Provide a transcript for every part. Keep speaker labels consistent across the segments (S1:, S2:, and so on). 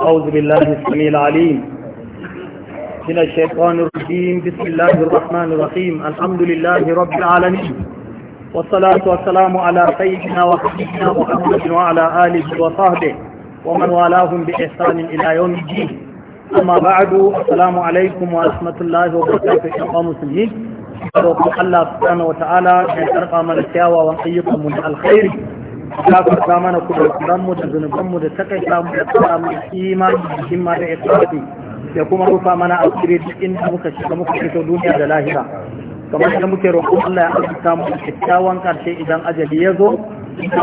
S1: أعوذ بالله السميع العليم من الشيطان الرجيم بسم الله الرحمن الرحيم الحمد لله رب العالمين والصلاة والسلام على سيدنا وحبيبنا محمد وعلى آله وصحبه ومن والاهم بإحسان إلى يوم الدين أما بعد السلام عليكم ورحمة الله وبركاته يا مسلمين الله سبحانه وتعالى أن ترقى من karɓa mana من الخير gafarta mana kuduranmu da mu da takaita mu da tsara mu imani da himma da ikhlasi da kuma rufa mana asiri duk inda muka shiga muka fito duniya da lahira kamar da muke roƙon Allah ya azurta mu kyakkyawan karshe idan ajali ya zo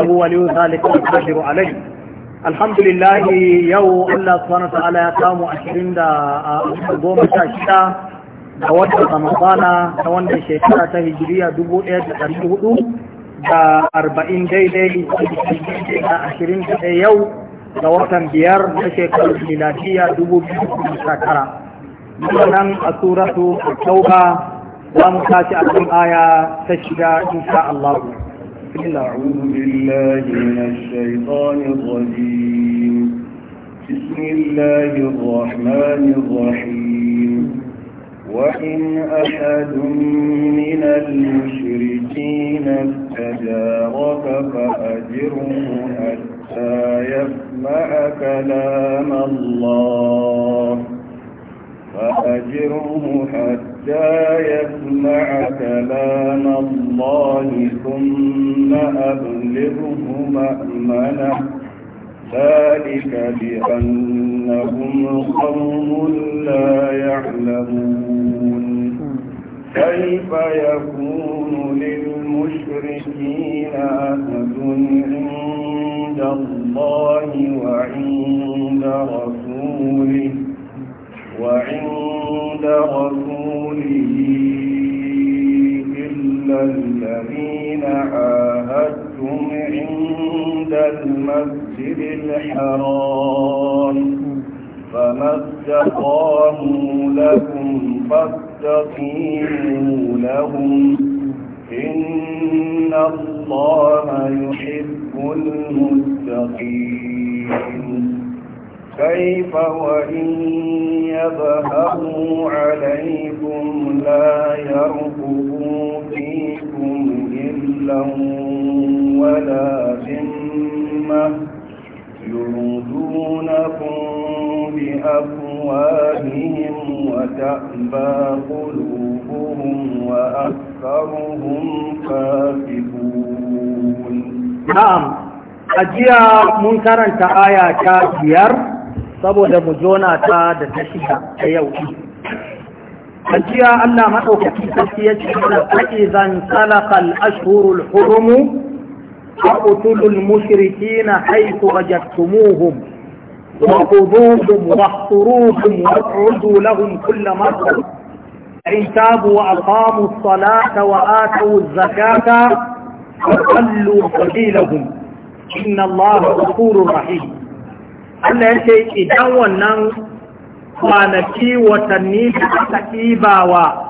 S1: abu waliyu zalika qadiru alai alhamdulillah yau Allah subhanahu wa ta'ala ya samu 20 da goma sha shida da watan Ramadana na wannan shekara ta hijiriya 1400 da arba'in daidai da ashirin da yau da watan biyar na shekarar miladiya dubu biyu da shekara nan a suratu tauba za mu tashi a kan aya ta shida insha Allah
S2: بسم الله الرحمن الرحيم وإن أحد من المشركين استجارك فأجره حتى يسمع كلام الله فأجره حتى يسمع كلام الله ثم أبلغه مأمنه ذلك بأنهم قوم لا يعلمون كيف يكون للمشركين أهد عند الله وعند رسوله وعند رسوله إلا الذين عاهدتم عند المسجد بالحرام فما استقاموا لكم فاستقيموا لهم إن الله يحب المتقين كيف وإن يظهروا عليكم لا يرقبوا فيكم إلا ولا ذمة يردونكم بأفواههم وتأبى قلوبهم وأكثرهم فاسقون
S1: نعم أجيا منكرا تآية كافير saboda mu jona ta da ta shiga ta yau ajiya Allah maɗaukaki sarki ya ce mana fa'i zan salakal ashurul hurumu فاقتلوا المشركين حيث وجدتموهم وخذوهم واحصروهم واقعدوا لهم كل مرة فإن تابوا وأقاموا الصلاة وآتوا الزكاة فخلوا سبيلهم إن الله غفور رحيم Allah ya ce idan wannan kwanaki watanni da aka ɗiba wa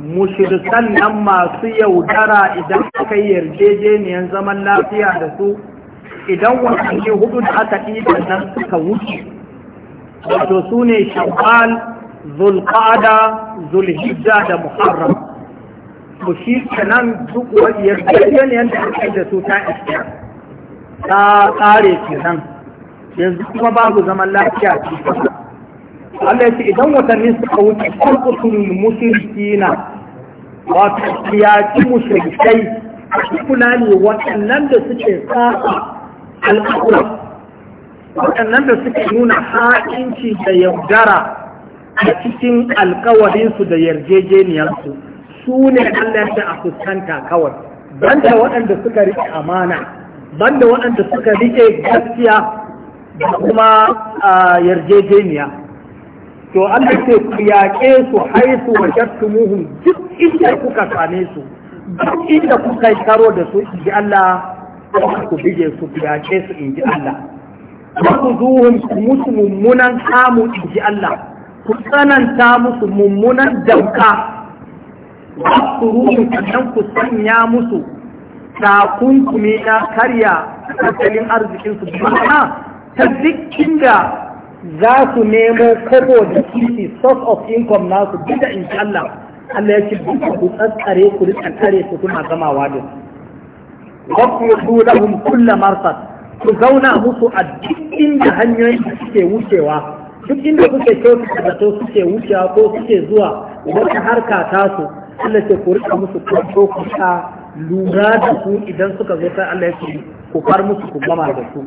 S1: mushirkan nan masu yaudara idan aka yi yarjejeniyar zaman lafiya da su idan wasanni hudu da aka da nan suka wuce wato su ne shawwal zulqada zulhijja da muharram to shi nan duk yarjejeniyar da aka yi da su ta iska ta ƙare kenan yanzu kuma babu zaman lafiya cikin Allah ya ce idan watanni suka wuce kurkutul mushrikina wato yaki mushrikai kula ne waɗannan da suke sa'a al'aura waɗannan da suke nuna ha'inci da yaudara a cikin alkawarinsu da yarjejeniyarsu su ne Allah ya a fuskanta kawai banda waɗanda suka riƙe amana banda waɗanda suka riƙe gaskiya da kuma yarjejeniya to Allah ce ku yaƙe su haisu wa muhun duk inda kuka same su duk inda kuka karo da su inji Allah ku bige su ku yaƙe su inji Allah wa ku zuhun ku musu mummunan kamu inji Allah ku tsananta musu mummunan damka
S3: wa ku ruhun
S1: sannan ku sanya musu takunkumi na karya tattalin arzikinsu ba ta duk inda za su nemo kobo da kisi source of income nasu da in Allah Allah ya ce duka ku tsare ku kuma zama su kuna gamawa da su wakudu lahum kulla ku zauna musu a duk inda hanyoyin da suke wucewa duk inda suke kyautu da to suke wucewa ko suke zuwa wata harka ta su Allah ce ku rika musu kwanto ku sa lura da su idan suka zo sai Allah ya ce ku far musu ku gama da su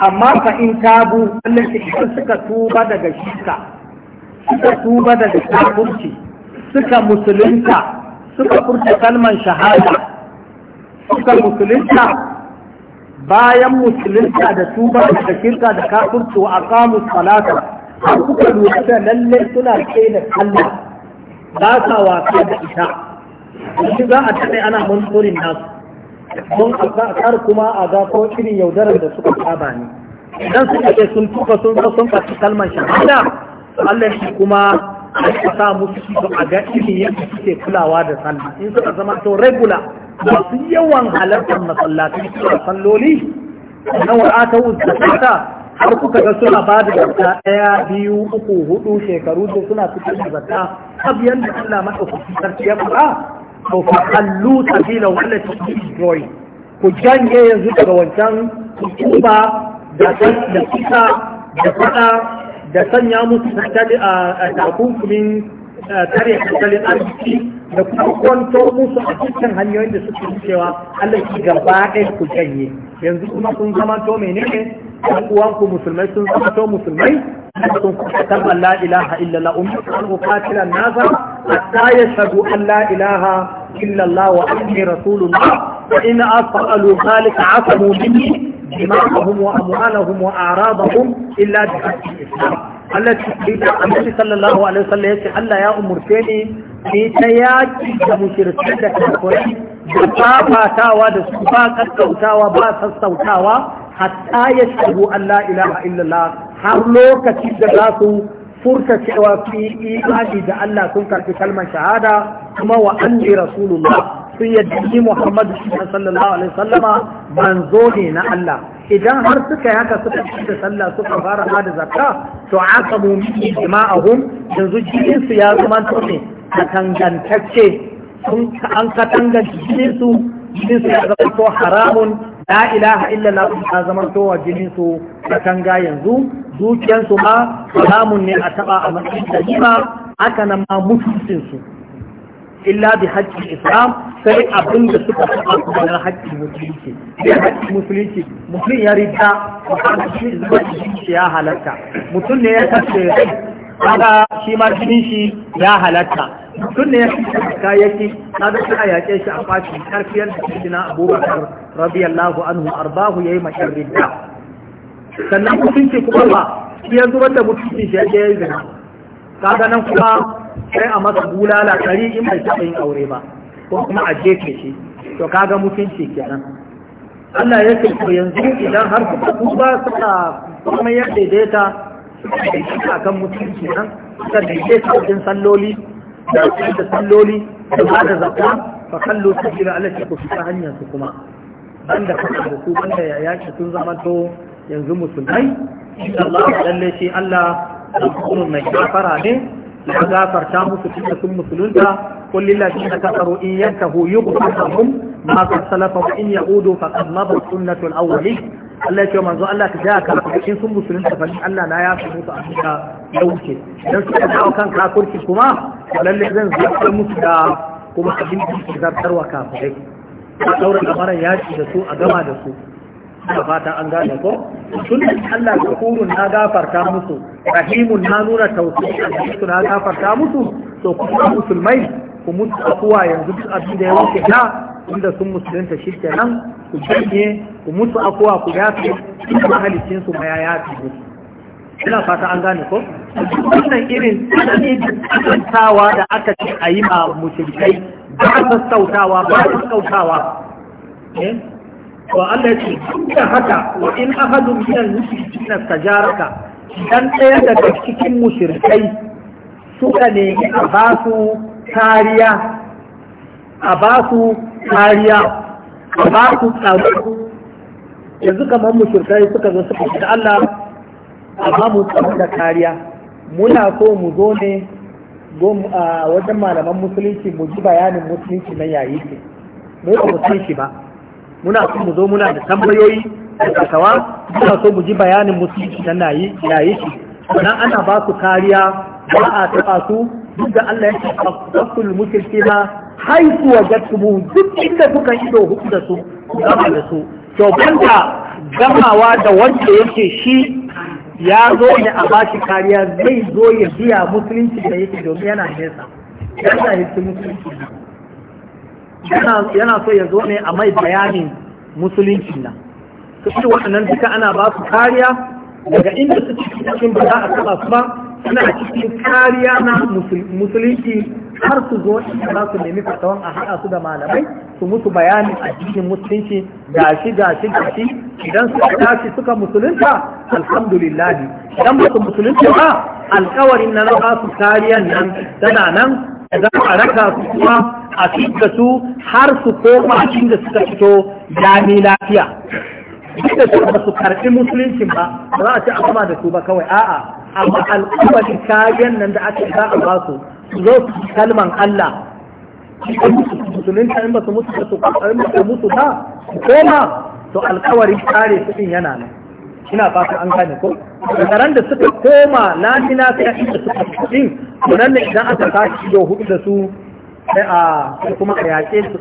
S1: amma fa in tabu Allah idan suka tuba daga shirka suka tuba daga kafirci suka musulunta suka furta kalman shahada suka musulunta bayan musulunta da tuba daga shirka da kafirci wa aqamu salata suka lura da lalle suna kai da Allah ba sa wasa da ita shi za a tsaye ana monitoring nasu don kar kuma a ga ko irin yaudarar da suka saba ne idan suka sun tuka sun zo sun faɗi kalmar shahada Allah shi kuma ya sa musu shi a ga irin yadda suke kulawa da sallah in suka zama to regular masu yawan halartar masallatai suna salloli
S3: na wa'ata wuzzata har kuka ga suna ba da zarta
S1: ɗaya biyu uku hudu shekaru da suna fitar da zarta abiyan da Allah maɗaukaki sarki ya fara to fa kallu sabila wanda ta yi ku janye yanzu daga wancan hukuma da da kisa da fada da sanya musu tattali a karya eh, tattalin arziki da kuma kwanto musu a cikin hanyoyin da suke cewa Allah ki gaba ɗaya ku janye yanzu kuma sun zama to menene ɗan uwanku musulmai sun zama to musulmai sun kuma kalmar la ilaha illallah umma an uqatila nasa hatta yashhadu an la ilaha illallah wa anni rasulullah wa in asalu zalika asamu minni dima'ahum wa amwalahum wa a'radahum illa bi al-islam Allah sallallahu alaihi wasallam yace Allah ya umurce ni ni ta yaki da mushrikai da kafirai da fafatawa da su ba kakkautawa ba sassautawa hatta ya shigo Allah ilaha illallah har lokacin da za su furta cewa fi imani da Allah sun karfi kalmar shahada kuma wa anni rasulullah sun yadda shi Muhammadu sallallahu alaihi wasallama manzo ne na Allah idan har suka yi haka suka ci da sallah suka fara ma da zakka to asabu min jima'ahum yanzu jikinsu ya zama to ne katangantacce sun an katanga jikin su ya zama to haramun la ilaha illallah ta zama to wa jinin katanga yanzu dukiyansu ma haramun ne a taba a matsayin da haka nan ma mutuncinsu illa bi haƙƙin islam sai abin da suka taɓa kuma na haƙƙin musulunci sai haƙƙin musulunci mutum ya rita mutum shi zuba shi ya halatta mutum ne ya kashe kaga shi ma jinin shi ya halatta mutum ne ya kashe kayayyaki kaga sai a yaƙe shi a fashi karfiyar da shi na abubakar radiyallahu anhu arbahu yayi masharrida sannan mutunci kuma ba shi ya zubar da mutunci shi ya yi zina kaga nan kuma sai a masa bulala tari in bai taɓa yin aure ba ko kuma a jefe shi to kaga mutunci kenan Allah ya ce to yanzu idan har ba tuba suka kuma ya daidaita suka kan mutunci nan suka daidaita cikin salloli da da salloli da ba da zakka fa kallu sabila ya ku fita hanyar su kuma banda kuma da ku banda ya yaki sun zama to yanzu musulmai Allah lalle shi Allah kana mutumin mai shafara ne da gafarta musu cikin sun musulunta kullilla shi da in yanka hu yi kusa mun ma salafa ko in ya udo fa kan ma ba sunnatul awwali Allah ya ce manzo Allah ka jaka cikin sun musulunta fa Allah na ya fi musu a cikin lauke. dan su ka kan kafirci kuma lalle zan zuwa musu da kuma abin da zartarwa kafirai. Sauran amaran ya ci da su a gama da su. ina fatan an gane ko tun da Allah gafurun na gafarta musu rahimun na nuna tausayi su na gafarta musu to kuma musulmai ku mutu kuwa yanzu duk abin da ya wuce da inda sun musulunta shi kenan ku janye ku mutu afuwa ku yafe duk mahalicin su ma ya yafe musu ina fata an gane ko wannan irin tsanani da aka ce a yi ma musulmai ba sautawa ba sassautawa Wa Allah ya ce inda haka wa in ahadun minal mushrikin tajaraka dan ɗaya daga cikin mushrikai suka ne a ba su kariya a ba su kariya a ba su tsaro yanzu kamar mushrikai suka zo suka ce Allah a ba mu tsaro da kariya muna so mu zo ne a wajen malaman musulunci mu ji bayanin musulunci na yayi ke mu ba mu ba muna so mu zo muna da tambayoyi da kasawa muna so mu ji bayanin musulunci na nayi yayi shi sannan ana ba su kariya ba a taɓa su duk da Allah ya ce fasul ma haiku wa jattumu duk inda kuka ido huku da su gama da su to banda gamawa da wanda yake shi ya zo ne a bashi kariya zai zo ya biya musulunci da yake domin yana nesa yana yake musulunci yana so ya zo ne a mai bayanin musulunci na su waɗannan duka ana ba su kariya daga inda su cikin ba za a taɓa su ba suna cikin kariya na musulunci har su zo inda za su nemi fatawan a haɗa su da malamai su musu bayanin cikin musulunci gashi gashi gashi idan suka tashi suka musulunta alhamdulillah idan ba su musulunta ba alkawarin na na ba su kariyan nan tana nan za a raka su kuma a da su har su koma da suka fito jami lafiya duk da su ba su karɓi musuluncin ba ba za a ci a da su ba kawai a'a amma al'ummar kayan nan da ake za a ba su su zo su kalman Allah musulunta in ba su mutu ba su in ba su mutu ba su koma to alkawarin kare su din yana nan ina fata an gane ko ran da suka koma lafiya lafiya inda suka fito din to nan ne idan aka tashi ido hudu da su sai a kuma a yaƙe su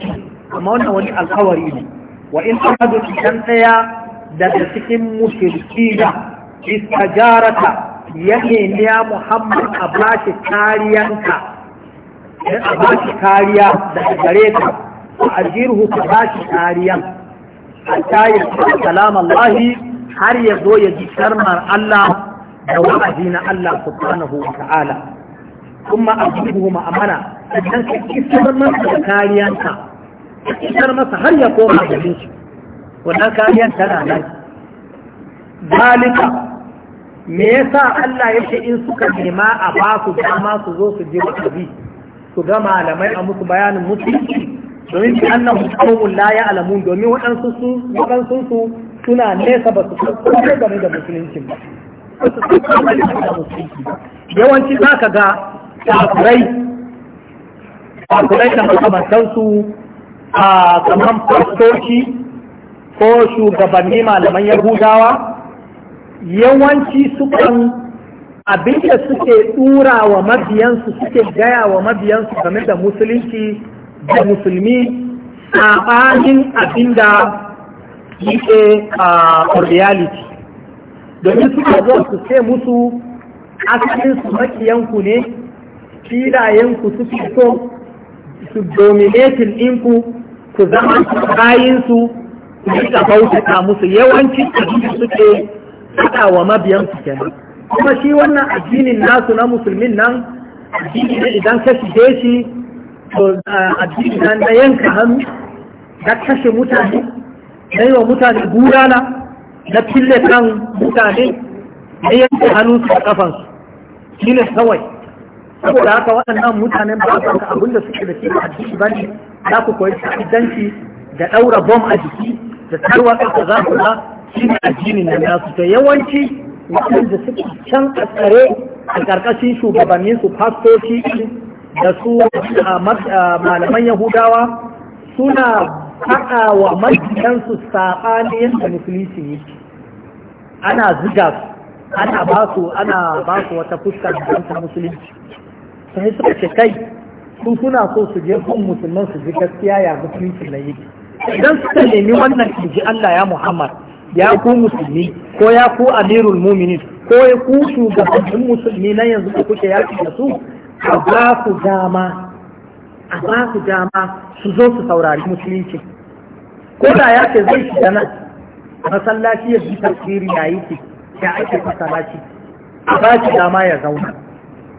S1: amma wannan wani alkawari ne wa in ahadu idan ɗaya daga cikin mushrikina da iska jarata ya Muhammad a bashi kariyanka sai a bashi kariya daga gare ka a ajirhu ba bashi kariya hatta ya kalam Allah har ya zo ya ji sharmar Allah da wa'azi na Allah subhanahu wa ta'ala kuma a a mana idan ka kisar masa da kariyanka kisar masa har ya koma da shi wannan kariyar tana nan zalika me yasa Allah ya ce in suka nema a ba su dama su zo su je bi su ga malamai a musu bayanin musulunci domin bi annahu qaumun la ya'lamun domin waɗansu su waɗansu su suna nesa ba su san game da musulunci ba yawanci za ka ga kafirai kafirai da makamantansu a kamar fastoci ko shugabanni malaman yahudawa yawanci sukan abinda suke dura wa mabiyansu suke gaya wa mabiyansu game da musulunci da musulmi saɓanin abinda yake a reality domin suka zo su ce musu asalin su makiyanku ne filayenku suke so su dominatin ɗinku ku zama bayansu ku rika bautata musu yawanci abinda suke faɗa wa mabiyansu kenan kuma shi wannan addinin nasu na musulmin nan addini ne idan ka shige shi to addini nan na yanka hannu na kashe mutane na yi wa mutane gudana, na fille kan mutane na yanka hannu su a kafansu shi ne kawai saboda haka waɗannan mutanen ba su abin da suke da shi a jiki ba ne za ku koyi ta'addanci da ɗaura bom a jiki da tarwa da za ku ba shi ne a jini na nasu Da yawanci waɗanda suke can a tsare a ƙarƙashin shugabannin su fastoci da su malaman yahudawa suna faɗa wa majiyansu saɓani yadda musulunci ne ana ziga ana ba su wata fuskar da musulunci sai suka ce kai sun suna so su je kun musulman su ji gaskiya ya musulunci na yi idan suka nemi wannan ji Allah ya Muhammad ya ku musulmi ko ya ku amirul muminin ko ya ku shugabannin musulmi na yanzu da kuke yaki da su a ba su dama a ba su dama su zo su saurari musulunci
S3: ko da ya ce zai shiga
S1: nan masallaci ya bi tafsiri ya yi ki ya ake masallaci a ba su dama ya zauna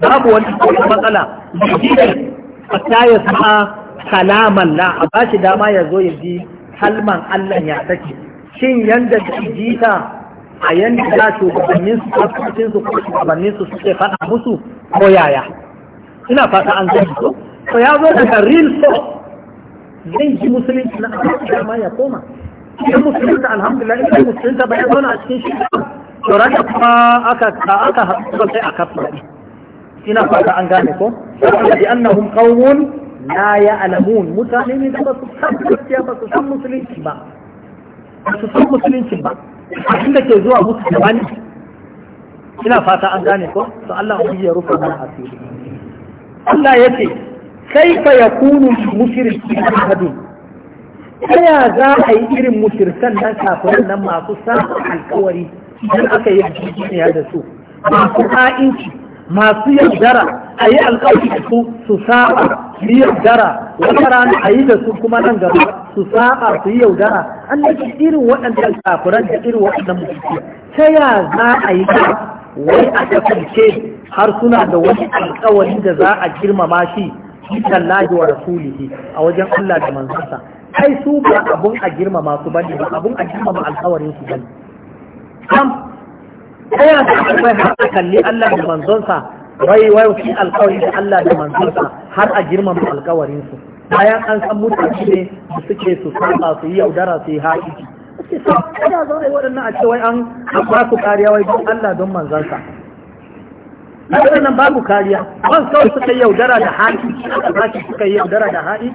S1: babu wani matsala jikin a ya sa kalaman la a ba shi dama ya zo ya ji kalman Allah ya sake shin yanda jita a yanda su shugabannin su kafin su kuma shugabannin su suke faɗa musu ko yaya ina fata an zai so to ya zo daga real so zai ji musulunci na dama ya koma idan musulunta alhamdulillah idan musulunta ba bayan zo na cikin shi to raka kuma aka aka haɗu sai a fara ina fata an gane ko saboda bi annahum qawmun la ya'lamun mutane ne da ba su san gaskiya ba su san musulunci ba ba su san musulunci ba abin da ke zuwa musu da wani ina fata an gane ko to Allah ya rufa mana asiri Allah ya ce yace kaifa yakunu mushrikin ahadun ta za a yi irin mushirkan nan kafin nan masu samun alkawari idan aka yi jijiyar da su masu ha'inci masu yaudara a yi alƙawari su su sa'a su yi yaudara wata rana a yi da su kuma nan gaba su sa'a su yi yaudara an nake irin waɗannan kafiran da irin waɗannan musulmi ta ya za a yi ta wai a kasance har suna da wani alƙawari da za a girmama shi tallahi wa rasulihi a wajen Allah da manzansa kai su ba abun a girmama su bane ba abun a girmama alƙawarin su bane yana da akwai har a kalli Allah da manzonsa bai wai fi alƙawari da Allah da manzonsa har a girmama alƙawarin su bayan an san mutane ne da suke su saba su yi yaudara su yi haƙiƙi suke sa kada zo waɗannan a ce wai an ba su kariya wai don Allah don manzonsa A waɗannan babu kariya an kawai suka yi yaudara da haƙiƙi aka sake suka yi yaudara da haƙi?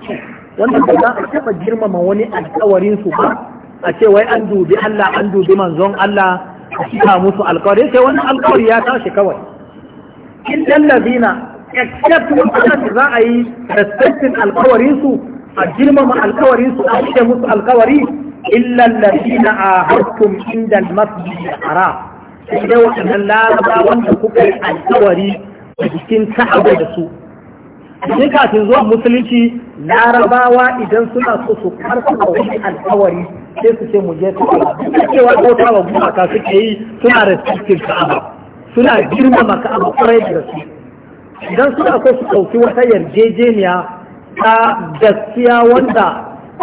S1: wanda ba za a taɓa girmama wani alƙawarin su ba a ce wai an dubi Allah an dubi manzon Allah a cika musu alkawari sai wani alkawari ya tashi kawai in dallazina except wanda za a yi respecting alkawarinsu a girmama su a cike musu alkawari illa a ahadtum inda al-masjid al-haram sai dai waɗannan laraba wanda kuka yi alkawari a jikin ka'aba da su Ni kafin zuwa musulunci larabawa idan suna so su karfafa wani alkawari sai su ce mu je su cewa kota wa gumaka suke yi suna respectin ka'aba suna girma maka ka'aba kwarai da rasu idan suna so su ɗauki wata yarjejeniya ta gaskiya wanda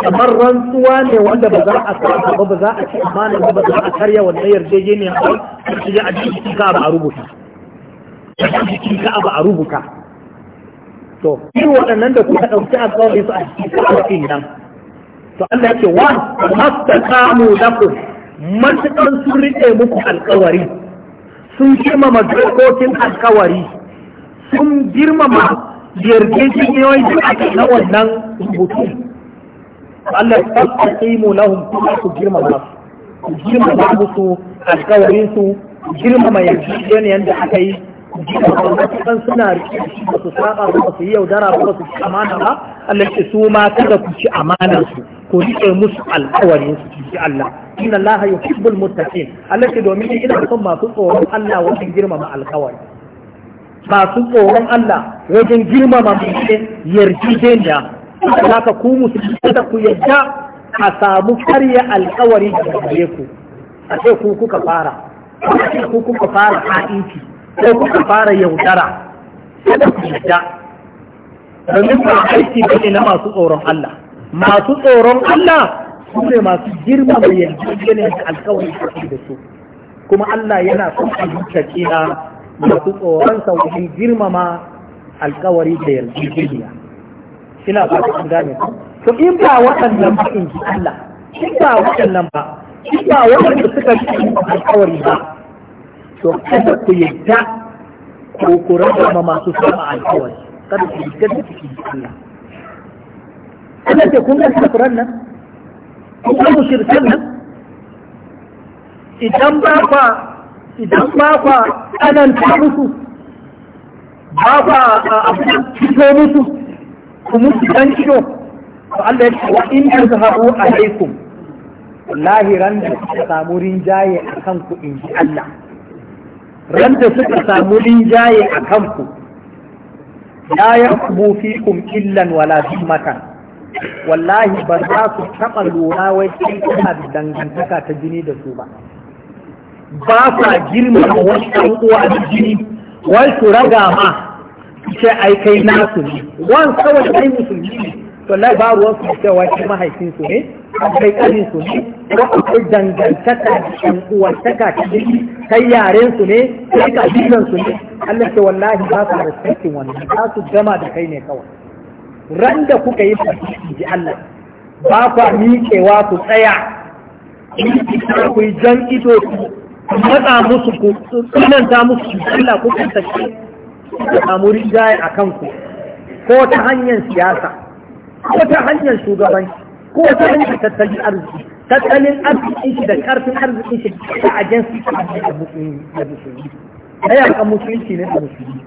S1: kamar rantsuwa ne wanda ba za a karɓa ba ba za a ci amana ba ba za a karya wannan yarjejeniya ba su je a cikin ka'aba a rubuta a rubuta to irin waɗannan da kuka ɗauki alƙawarin su a cikin kafin nan to Allah yake wa mastaqamu lakum matukan sun riƙe muku alƙawari sun girmama dokokin alƙawari sun girmama yarjejeniyoyi da aka na wannan rubutu Allah ya mu lahum kuma ku girmama su girmama musu alƙawarin su girmama yarjejeniyan da aka yi matukan suna rike da shi ba su saba ba su yi yaudara ba su ci amana ba Allah ce su ma kada ku ci amanar su ko rike musu alƙawarin su ji Allah inna Allah yuhibbul muttaqin Allah ce domin ina son masu tsoron Allah wajen girmama alƙawari masu tsoron Allah wajen girmama mai yarjejeniya haka ku musulmi kada ku yadda a samu karya alƙawari da ku a ce ku kuka fara a ce ku kuka fara ha'inci ko kuka fara yaudara kada ku yadda domin ba aiki ba ne na masu tsoron Allah masu tsoron Allah su ne masu girma mai yanzu yanayin da alkawari da su kuma Allah yana son a yi masu tsoron sauƙin girmama alkawari da yarjejeniya ina ba ta gane to in ba waɗannan ba in ji Allah in ba waɗannan ba in ba waɗanda suka ci alkawari ba to kada ku yadda ko ku ma masu sama alkawari kada ku yadda da cikin Allah kada ce kun gasa kuran nan kun ga shirkan nan idan ba ba idan ba kwa ta musu ba kwa fito musu ku musu dan kido to Allah ya ce wa in yazhabu alaikum wallahi ran da samu rinjaye akan ku in ji Allah
S3: ran da suka
S1: samu linjaye a kanku ya la fi kun illan wala dhimmatan wallahi ba za su taɓa lura wai sai kuma dangantaka ta jini da su ba ba sa girma wani ɗan uwa da jini wai su raga ma sai ai kai nasu ne wani kawai kai musulmi ne wallahi ba ruwan su cewa shi mahaifin su ne akwai kanin su ne ko kai dangantaka ɗan uwantaka ta kaci kai yaren su ne kai kabilan su ne Allah ce wallahi ba su respectin wannan ba su gama da kai ne kawai ran da kuka yi fasiki ji Allah ba ku miƙewa ku tsaya ku yi jan ido ku matsa musu ku tsananta musu ku Allah ku kan ku samu rinjaye a kanku ko ta hanyar siyasa ko ta hanyar shugabanci ko ta hanyar tattalin arziki tattalin arziki shi da karfin arziki shi ta ajensi ta hanyar musulmi ta yakan musulunci ne a musulmi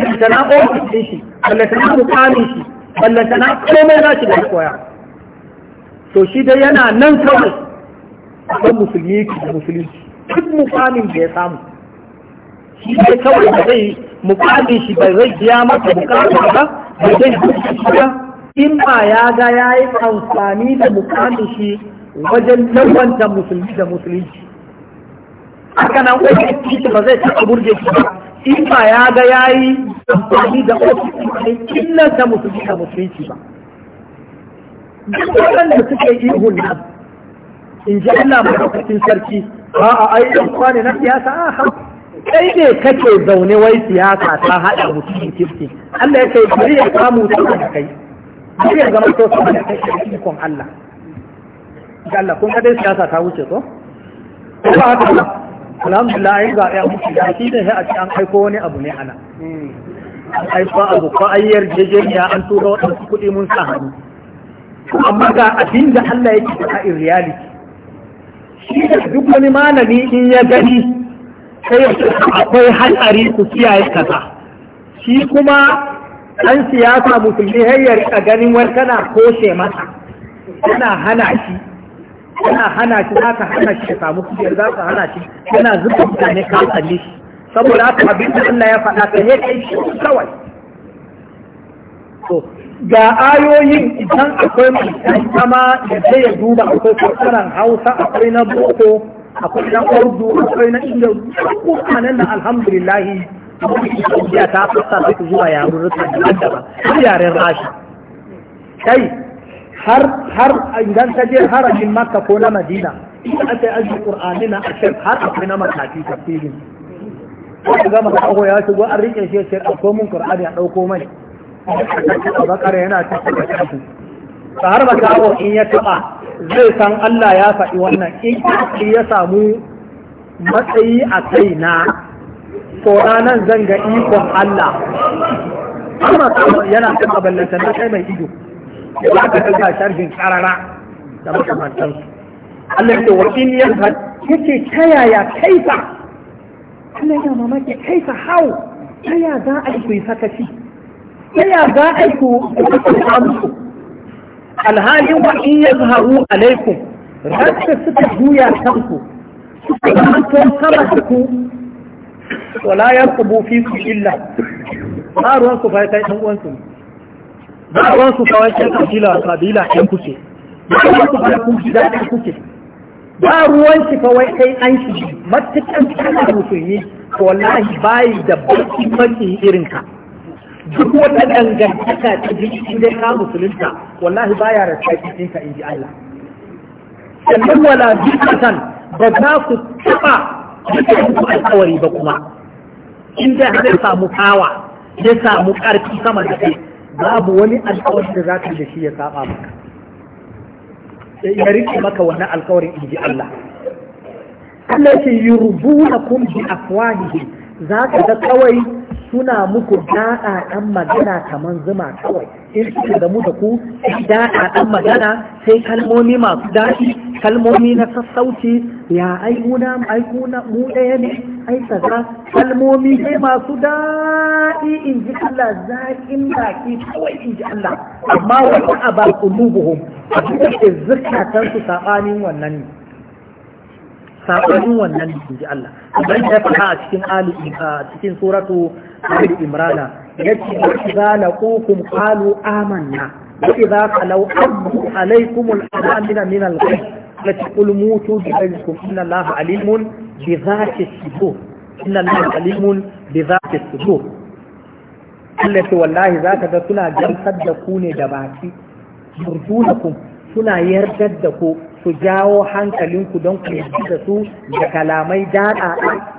S1: ballantana ofis ɗin shi ballantana mukamin shi ballantana komai za shi da koya to shi dai yana nan kawai akan musulmi da musulunci duk mukamin da ya samu shi dai kawai da zai mukamin shi ba zai biya masa bukatar ba ba zai ba in ba ya ga ya yi amfani da mukamin shi wajen lawanta musulmi da musulunci haka nan wani kiti ba zai taɓa burge shi ba in ba ya ga ya yi amfani da ofisi ba illar da musulmi da musulunci ba duk waɗanda yi ihun nan in ji Allah mai sarki ba a ayyukan ne na siyasa a kai ne kake zaune wai siyasa ta haɗa mutum kifti Allah ya kai kuri ya samu sama da kai kuri ya zama to sama da kai da ikon Allah ga Allah kun kadai siyasa ta wuce ko ko ba haka ba alhamdulillah ai ga ya mutu da shi ne sai a ci an aiko wani abu ne ana an aiko abu ko ayyar jejeniya an tura waɗansu kuɗi mun sa hannu amma ga abin da Allah yake a reality shi da duk wani malami in ya gani sai akwai hatsari su kiyaye kaza shi kuma an siyasa musulmi hanyar a ganin wani tana koshe masa yana hana shi yana hana shi za ka hana shi ya samu kujiyar za ka hana shi yana zuba mutane ka tsalle shi
S3: saboda haka abin da Allah ya
S1: faɗa ka yi kai shi kawai to ga ayoyin idan akwai mai kama da sai ya duba akwai kwakwaran hausa akwai na boko akwai na urdu akwai na inda ko kanan na alhamdulillah ya ta fasa su zuwa yaro rukan da ba yaren rashi kai har har idan ta je harajin maka ko na madina idan aka yi aji qur'ani na ashir har akwai na makafi tafsirin wanda gama ka ko ya shigo an rike shi sai a ko mun qur'ani a dauko mai a bakara yana cikin ta har makaho in ya taɓa. zai san Allah ya faɗi wannan in ya samu matsayi a kai na to ranar zan ga ikon Allah
S3: amma yana kan aballanta na kai
S1: mai ido ya ka ga sharhin karara da makamantan Allah ya wa in ya yake ta yaya kaifa Allah ya mamaki kaifa hau ta za a yi sakaci ta ya za a yi ku amsu alhalin wa in yazharu alaikum rasta suka juya kanku suka zanto sama ku wala bufi su illa ba ruwan su fa kai ɗan uwansu su ba ruwan su kawai kai kabila kabila ɗan kuke ba ruwan su fa kun gida ɗan kuke ba ruwan shi fa wai kai ɗan shi matukan kana musulmi to wallahi bayi da bakin baki irin ka duk wata dangantaka ta jiki dai ka musulunta wallahi baya rasa cikin ka inji Allah sannan wala bidatan ba za ku taba duka ku alkawari ba kuma in dai har samu kawa ya samu karfi sama da kai babu wani alkawari da za ka da shi ya saba maka ya rike maka wannan alkawarin inji Allah Allah ya na yurbunakum bi afwahihim za ka ga kawai suna muku ɗan magana kamar zuma kawai in suke gamu da ku ɗan magana sai kalmomi masu daɗi kalmomi na sassauci ya aikuna aikuna mu ɗaya ne ai kaza kalmomi sai masu daɗi in ji Allah zaƙin baƙi kawai in ji Allah amma wani abar kulubuhum a cikin su saɓanin wannan ne saɓanin wannan in ji Allah idan ya faɗa a cikin a cikin suratu Ali Imrana yace idza laqukum qalu amanna wa idza qalu abu alaykum al-amina min al-ghayb lati qul mutu bi ayyikum inna Allaha alimun bi dhati as-sudur inna Allaha alimun bi dhati as-sudur Allah ce wallahi zaka ga suna jamsar da ku ne da baki yurdunakum suna yardar da ku ku jawo hankalinku don ku yi da su da kalamai daɗa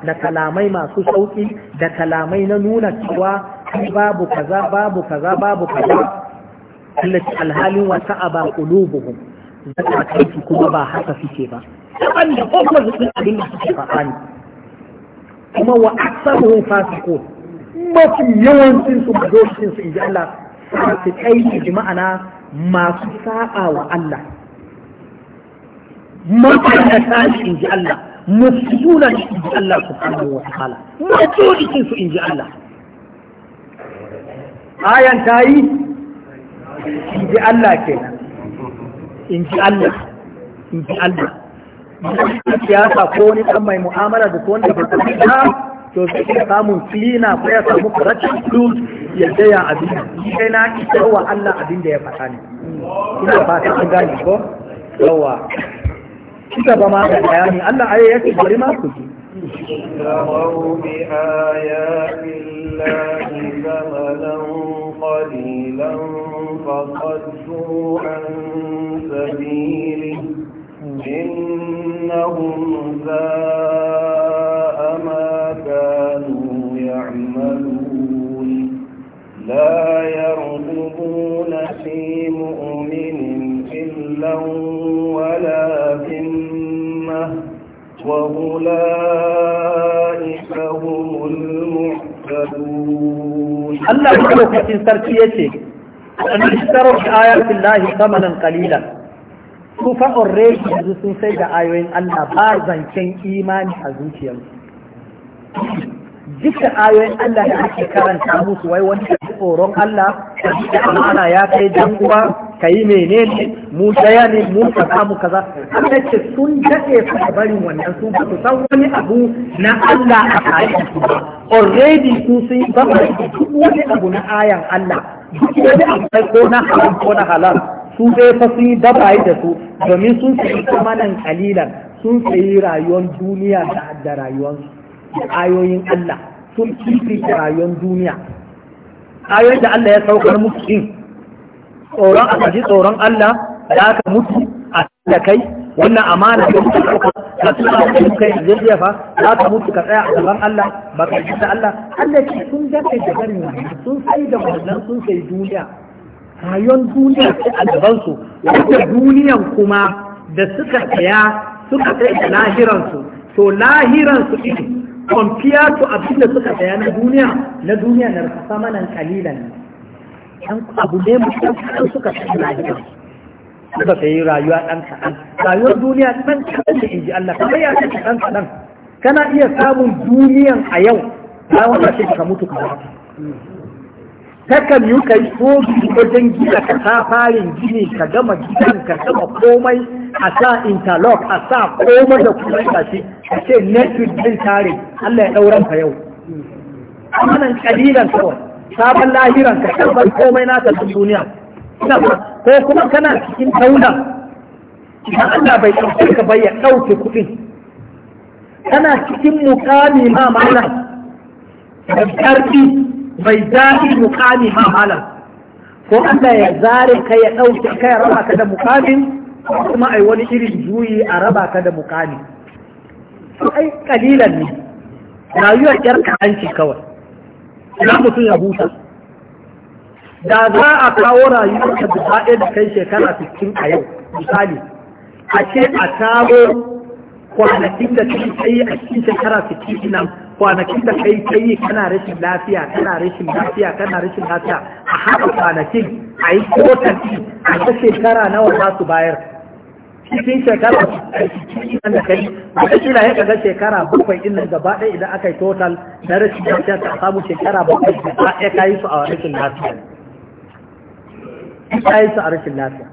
S1: da kalamai masu sauƙi da kalamai na nuna cewa babu kaza babu kaza babu kaza allati alhalin wata aba qulubuhum zakatansu kuma ba haka suke ba daban da kuma zukin abin da suke faɗa ne kuma wa aksaruhum fasiqun mafi yawancin su mazocin su ji Allah fasikai ne ma'ana masu sa'a wa Allah makarata in ji Allah mufsuna in ji Allah su subhanahu wa ta'ala matsorikin su in ji Allah ayan ta yi in ji Allah ke, in ji Allah in ji Allah siyasa ko wani ɗan mai mu'amala da wanda ba ta ba to sai ya samu filina ko ya samu correction tools ya daya abin sai na isarwa Allah abin da ya faɗa ne ina ba ta gane ko yawa
S2: ci gaba ma da bayani Allah ayi yake bari ma ku رموا بآيات الله ثمنا قليلا فصدوا عن سبيله إنهم ساء ما كانوا يعملون لا يرغبون في مؤمن جلا ولا ذمة وأولئك هم المعتدون الله ملوك
S1: سركيته أن اشتروا بآيات الله ثمنا قليلا كفا already yanzu sun sai da ayoyin Allah ba zancen imani a zuciyarsu duka ayoyin Allah da ake karanta musu wai wani tsoron Allah da amana ya kai dan uwa ka yi menene mu daya ne mu kaza mu kaza Allah ce sun dade su barin wannan su ba su san wani abu na Allah a tare su ba already su sun yi bambara duk wani abu na ayan Allah duk wani abu ko na halal ko na halal su dai fa sun yi dabaye da su domin sun sayi kamanan kalilan sun sayi rayuwar duniya da rayuwar ayoyin Allah sun kifi da rayuwar duniya ayoyin da Allah ya saukar musu din tsoron a ji tsoron Allah za ka mutu a da kai wannan amana da kuka ɗauka ka tuna da kuka yi zai jefa za ka mutu ka tsaya a gaban Allah ba ka ji da Allah Allah ce sun dace da garin sun sai da wannan sun sai duniya rayon duniya ce a gaban su wata duniyan kuma da suka tsaya suka tsaya da lahiransu to lahiransu ɗin kwamfiya to abin da suka tsaya na duniya na duniya na rasa mana kalilan ɗan abu ne mu suka san rayuwa. suka sayi rayuwa ɗan kaɗan rayuwar duniya ɗan kaɗan da inji Allah kamar ya ce ɗan kaɗan kana iya samun duniyan a yau Ta wata ce ka mutu ka ta kan yi ka yi biyu wajen gina ka safarin gini ka gama gidan ka gama komai a sa interlock a sa komai da kuma ka ce ka ce netflix din tare Allah ya ɗauran ka yau amanan kalilan kawai sabon lahiran ka karɓar komai naka ta duniya ko kuma kana cikin tauna idan Allah bai ɗauke ka bai ya ɗauke kuɗin kana cikin mukami ma malam da ƙarfi bai daɗi mukami ma malam ko Allah ya zare ka ya ɗauke ka ya raba ka da mukamin kuma ai wani irin juyi a raba ka da mukami ai kalilan ne rayuwar ƴar ka hanci kawai idan mutum ya huta da za a kawo rayuwar da ɗaya da kai shekara 60 a yau misali a ce a kawo kwanakin da kai kai a cikin shekara 60 nan kwanakin da kai kai kana rashin lafiya kana rashin lafiya kana rashin lafiya a haka kwanakin a yi kotan a ta shekara nawa za su bayar cikin shekara cikin da kai wata kila ya kaga shekara bakwai din nan gaba ɗaya idan aka yi total na rashin lafiya ta samu shekara bakwai ba ya kayi su a rashin lafiya kayi su a rashin lafiya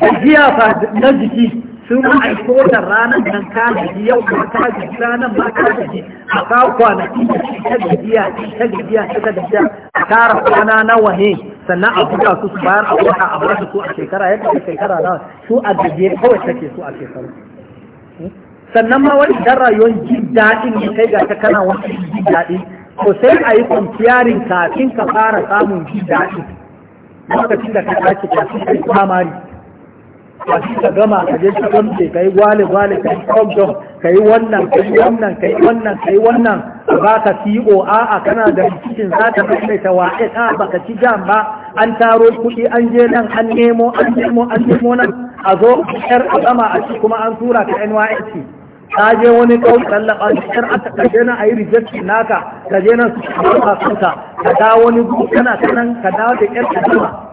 S1: gajiya fa na jiki sun aiko da ranar nan ka gaji yau ba ka gaji ranar ba ka gaji a ka kwanaki da shi ta gajiya ta gajiya ta gajiya a kara kwana nawa ne sannan a buga su su bayar a wata a basu su a shekara yadda a shekara nawa su a gajiye kawai take su a shekaru sannan ma wani dan rayuwar jin daɗin da kai ga ta kana wani ji daɗi to sai a yi kwamfiyarin kafin ka fara samun jin daɗi lokacin da ka tashi kafin ka yi kamari ba shi ka gama ka je ka gamce ka yi gwale gwale ka yi kwamfon ka yi wannan ka yi wannan ka yi wannan ka yi wannan ba ka fi co e a'a kana da rikicin za ta kashe ta waɗe eh, ta ba ka ci jam ba an taro kuɗi an je nan an nemo an nemo an nemo nan a zo yar a gama a ci kuma an tura ka nysc ka je wani kawai tallaba yar aka je nan a yi rejection naka ka je nan su ka ka dawo wani gudu kana nan ka dawo da yar ka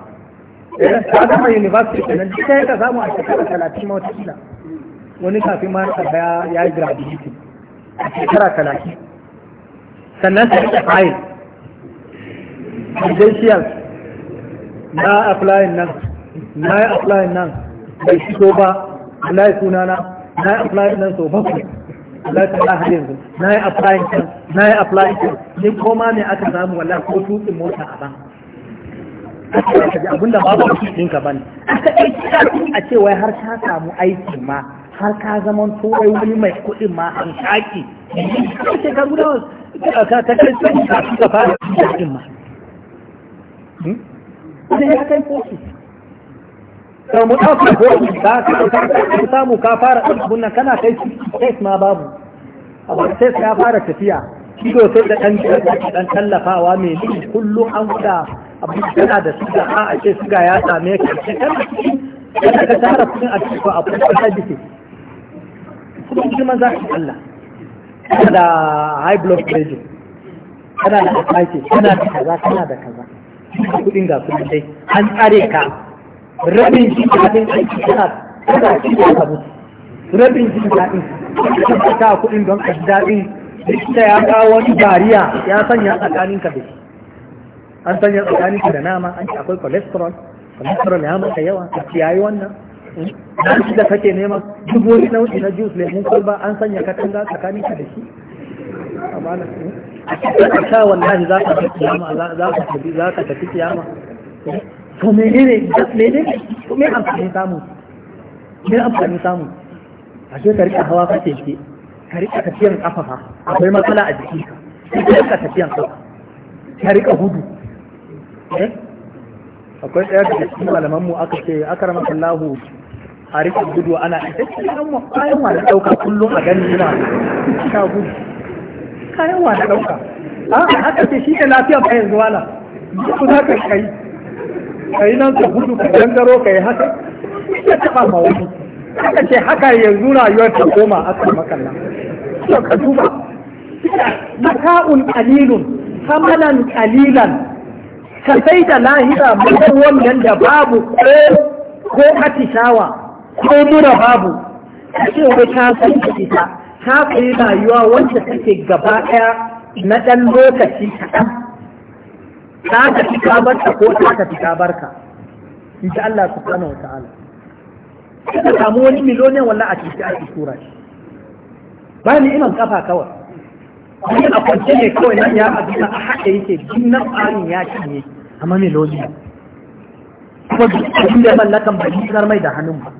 S3: Eh, ka gama
S1: university kenan duk duka ka samu a shekara talatin ma kila wani kafin ma ka ya ya graduate a shekara talatin sannan ta rika file
S3: credentials
S1: na applying nan na yi applying nan bai fito ba Allah ya suna na na yi applying nan so bakwai Allah ta lahar yanzu na yi applying nan na yi applying nan ni koma ne aka samu wallahi ko tukin mota a ban ka ba ba ne a ce wai har ka samu aiki ma har ka zaman turai wani mai kuɗin ma an shaƙi ce ka guda ka ta kai ka ka fara kuɗin ma hmm? sai ya kai kofi ka ka ka samu ka fara nan kana kai ma babu abu ya fara tafiya ido sai da ɗan tallafawa mai kullum an guda abin kana da suga a a ce suga ya same ka ce kana kada ka tara kudin a cikin a kuma ta jike kuma girman za ka Allah kana da high blood pressure kana da asaki kana da kaza kana da kaza kudin ga kudin dai an tsare ka rabin shi kafin aiki kana kana cikin ka mutu rabin jin daɗin ka kudin don ka daɗin likita ya kawo wani bariya ya sanya tsakaninka da shi an sanya tsakanin da nama an ce akwai cholesterol cholesterol ya maka yawa a kiyaye wannan hmm? an ci da kake nema duk wani nau'i na juice lemun kwalba an sanya katanga tsakanin ka da shi hmm? a cikin sha wallahi za ka tafi kiyama za ka tafi za ka tafi kiyama hmm? to ne ne me amfani samu me amfani samu a ce ka rika hawa kake ke ka rika tafiyan kafa
S3: akwai matsala a
S1: jiki ka rika tafiyan kafa ka rika gudu Eh? akwai ɗaya da cikin malaman mu aka ce aka rama sallahu a rikin gudu ana ita ce kayan wa na ɗauka kullum a gani ina ta gudu kayan wa na ɗauka a aka ce shi ne lafiya ba yanzu wala ku za ka kai kai nan ka gudu ka dangaro ka yi haka ya taɓa ma wani aka ce haka yanzu rayuwar ta koma a kan makalla ka duba mata'un qalilun hamalan qalilan ka sai da lahira mutum wannan da babu ko ko atishawa ko mura babu a ce wai ka san ka ta ka kai rayuwa wacce take gaba ɗaya na ɗan lokaci kaɗan ta ka fi barka ko ta ka ka barka in ji Allah subhanahu wa ta'ala ka samu wani miloniyan wallahi a cikin ake tura shi ba ni iman kafa kawai wani a kwance ne kawai nan ya abin a haka yake jinnan ɓarin ya cinye kamar melodiya kuma da mallakan ba yi karmai da hannun ba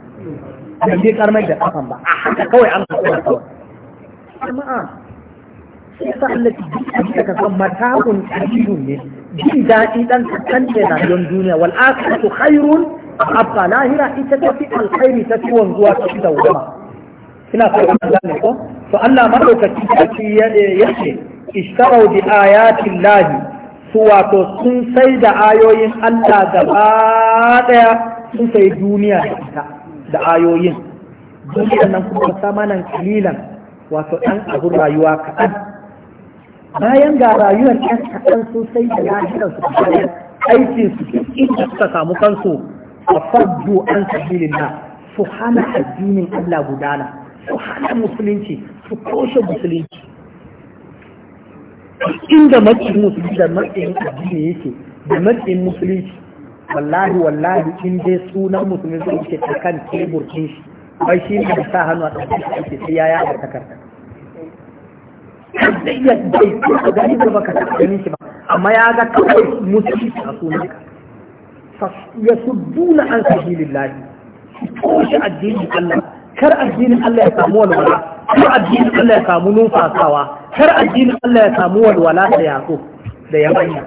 S1: da yi karmai da kafan ba a haka kawai an haɗu da kawai jama'a sai sa Allah ki ji a cikin kasan matahun kalilun ne jin daɗi ɗan kasan ne na don duniya wal akhiratu khairun abba lahira ita ta fi alkhairi ta fi wanzuwa ta fi dawama ina fara gane ko to Allah madaukaki ya ce ishtarau bi ayati llahi su wato sun sai da ayoyin Allah gaba daya sun sai duniya da ita da ayoyin duniya nan kuma nan kalilan wato ɗan abin rayuwa kaɗan bayan ga rayuwar ɗan kaɗan sun sai da lahirar su kaɗan aikin su inda suka samu kansu a fadu an sabilin na su hana addinin Allah gudana su hana musulunci su koshe musulunci inda matsayin musulunci da matsayin addini yake da matsayin musulunci wallahi wallahi in dai sunan musulunci yake ta kan tebur ɗin shi bai shi ne sa hannu a ɗauki shi ake sai yaya a takarda zai iya bai ka gani ba ka gani shi ba amma ya ga kawai musulunci a sunan ka ya sudduna an sabilillahi ko shi addinin Allah kar addinin Allah ya samu walwala kar addinin Allah ya samu numfasawa kar addinin Allah ya samu walwala da yaso da yamanya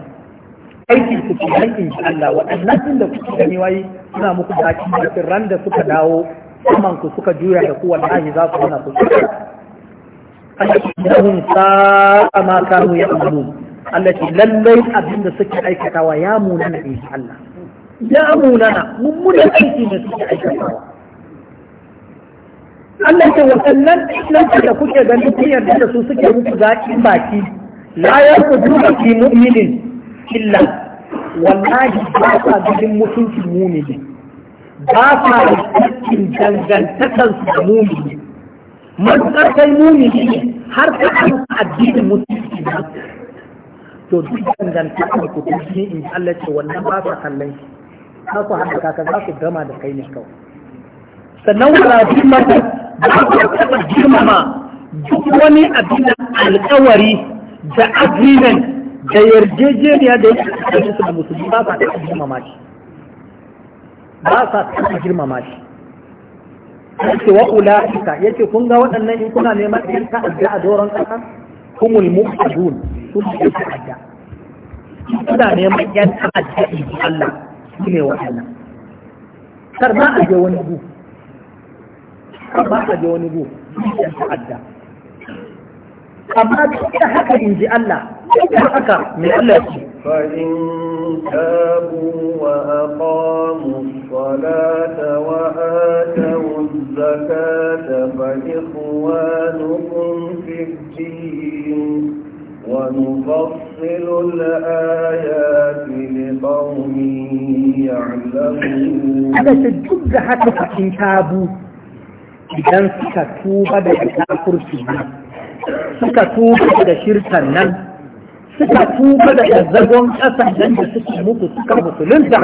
S1: aiki su ke aikin shi Allah waɗannan din da kuke gani wai suna muku baki da sirran da suka dawo saman ku suka juya da ku wallahi za ku hana ku annahum sa'a ma kanu ya'malun Allah ce lallai abin da suke aikatawa ya munana in Allah ya munana mummunan aiki da suke aikatawa Allah ce wasannan islamci da kuke ganin kun yarda da su suke muku zaƙi baki la ya kudu da fi mu'minin illa wallahi ba sa gudun mutunci mumini ba sa rikikin dangantakansu da mumini
S3: matuƙar kai
S1: mumini har ka an addinin mutunci ba to duk dangantakan ku kun in Allah ce wannan ba sa kallon shi ka ku haka ka za su gama da kai ne kawai sannan wala zimmata da aka taɓa girmama duk wani abin da alƙawari da agreement da yarjejeniya da yake tsakanin su da musulmi ba sa taɓa girmama shi ba sa taɓa girmama shi yake wa ula'ika yake kun ga waɗannan in kuna neman ɗan ta'adda a doron ƙasa humul mu'adun sun ɗan ta'adda
S3: kuna neman
S1: ɗan ta'adda in Allah shi ne waɗannan kar ma a je wani gugu amma ka je wani bu ya ta'adda amma duk haka in ji Allah duk haka mai Allah ce fa in
S2: tabu wa aqamu salata wa atu zakata fa ikhwanukum fi din wa nufassilu al-ayati li
S1: qaumin
S2: ya'lamun
S1: haka duk haka in tabu idan suka tuba da kafirci nan suka tuba da shirkan nan suka tuba da zagon ƙasashen da suka mutu suka musulunta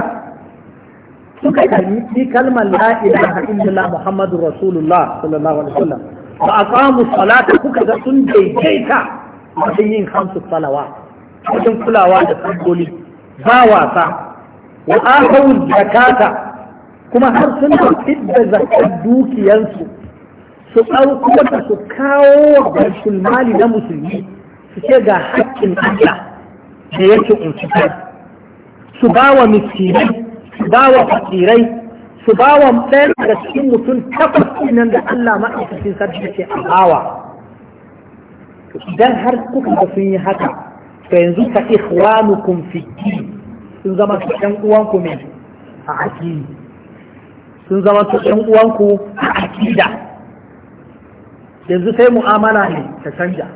S1: suka karbi kalmar la ilaha illallah muhammadu rasulullah sallallahu alaihi wasallam ba a samu salata kuka ga sun daidaita wajen yin hamsu salawa cikin kulawa da salloli ba wasa wa akawu zakata kuma har sun ɗauki da zakar dukiyarsu su ɗauko da su kawo baitul mali na musulmi su ce ga haƙƙin Allah da yake uncitar su ba wa miskinai su ba wa fakirai su ba wa ɗaya daga cikin mutum takwas nan da Allah ma'aikacin sarki ce a bawa idan har kuka da sun yi haka to yanzu ka ikhwanukum fi sun zama ɗan uwanku ne a addini sun zama su ɗan uwanku a aƙida. yanzu sai mu'amala ne ta canja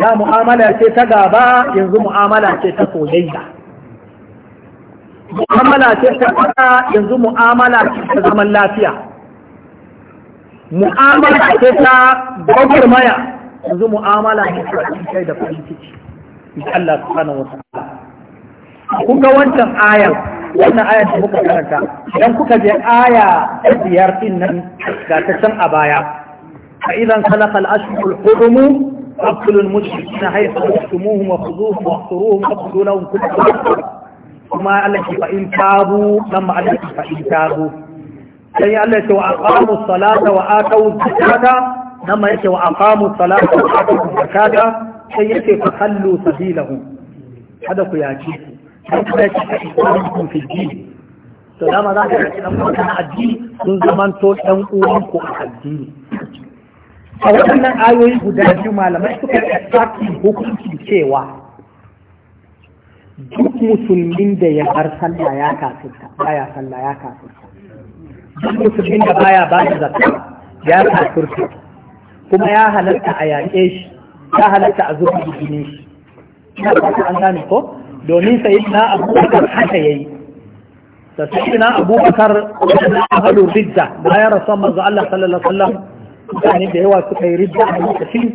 S1: ya mu'amala ce ta gaba yanzu mu'amala ce ta soyayya mu'amala ce ta fada yanzu mu'amala ce ta zaman lafiya mu'amala ce ta maya, yanzu mu'amala ne ta kai da farin ciki Allah subhanahu wa ta'ala kun ga wancan ayar wannan aya da muka karanta idan kuka je aya ta biyar din nan ga ta can a baya fa idan khalaqa al-ashhur al-hurum فاقتلوا المشركين حيث وقتموهم وخذوهم واحصروهم واقتلوا لهم كل kuma Allah ce fa'in tabu nan ma Allah ce fa'in tabu sai Allah ya ce wa aqamu salata wa atau zakata nan ma yake wa aqamu salata wa atau zakata sai yake fa hallu sabilahu hada ku yaki kan kuma ya cika ikon fi jini to dama za ka yi ɗan uwan na addini sun zamanto ɗan uwan ku a addini a waɗannan ayoyi guda biyu malamai suka yi hukunci cewa duk musulmin da ya bar sallah ya kafirta baya sallah ya kafirta duk musulmin da baya ba da zakka
S3: ya kafirta
S1: kuma ya halatta a yaƙe shi ya halatta a zuba jinin shi ina fata an gane ko domin na abubakar haka yayi da na abubakar da ahadu ridda ya rasuwan manzo Allah sallallahu alaihi wasallam mutane da yawa suka yi ridda a lokacin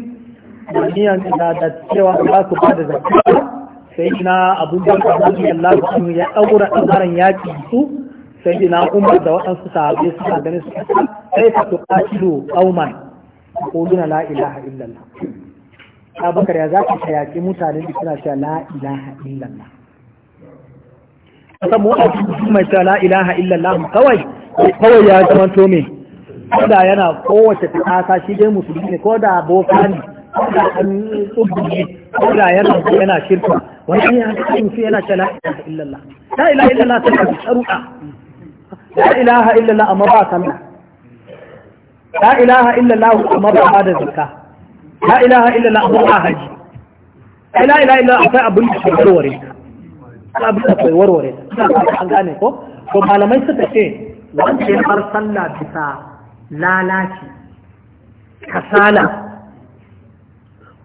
S1: maniyan da da cewa ba su ba da zakka na abubakar radiyallahu anhu ya daura dabaran yaki su na umar da waɗansu sahabbai suka ganin su sai ka tuqatilu auman yaquluna la ilaha illallah abubakar ya za ka yaƙi mutane da suna cewa la ilaha illallah kasan mu a cikin mai cewa la ilaha illallah kawai kawai ya zama to me koda yana kowace kasa shi dai musulmi ne koda boka ne koda an tsubu ne koda yana yana shirka wani ya cikin su yana cewa la ilaha illallah la ilaha illallah ta ka sharuɗa la ilaha illallah amma ba sallah la ilaha illallah amma ba da zakka la ilaha illallah abun a haji la ilaha illallah akwai abun da ke warware ta abun da ke warware ta an gane ko to malamai suka ce wanda ya sallah bisa lalaci kasala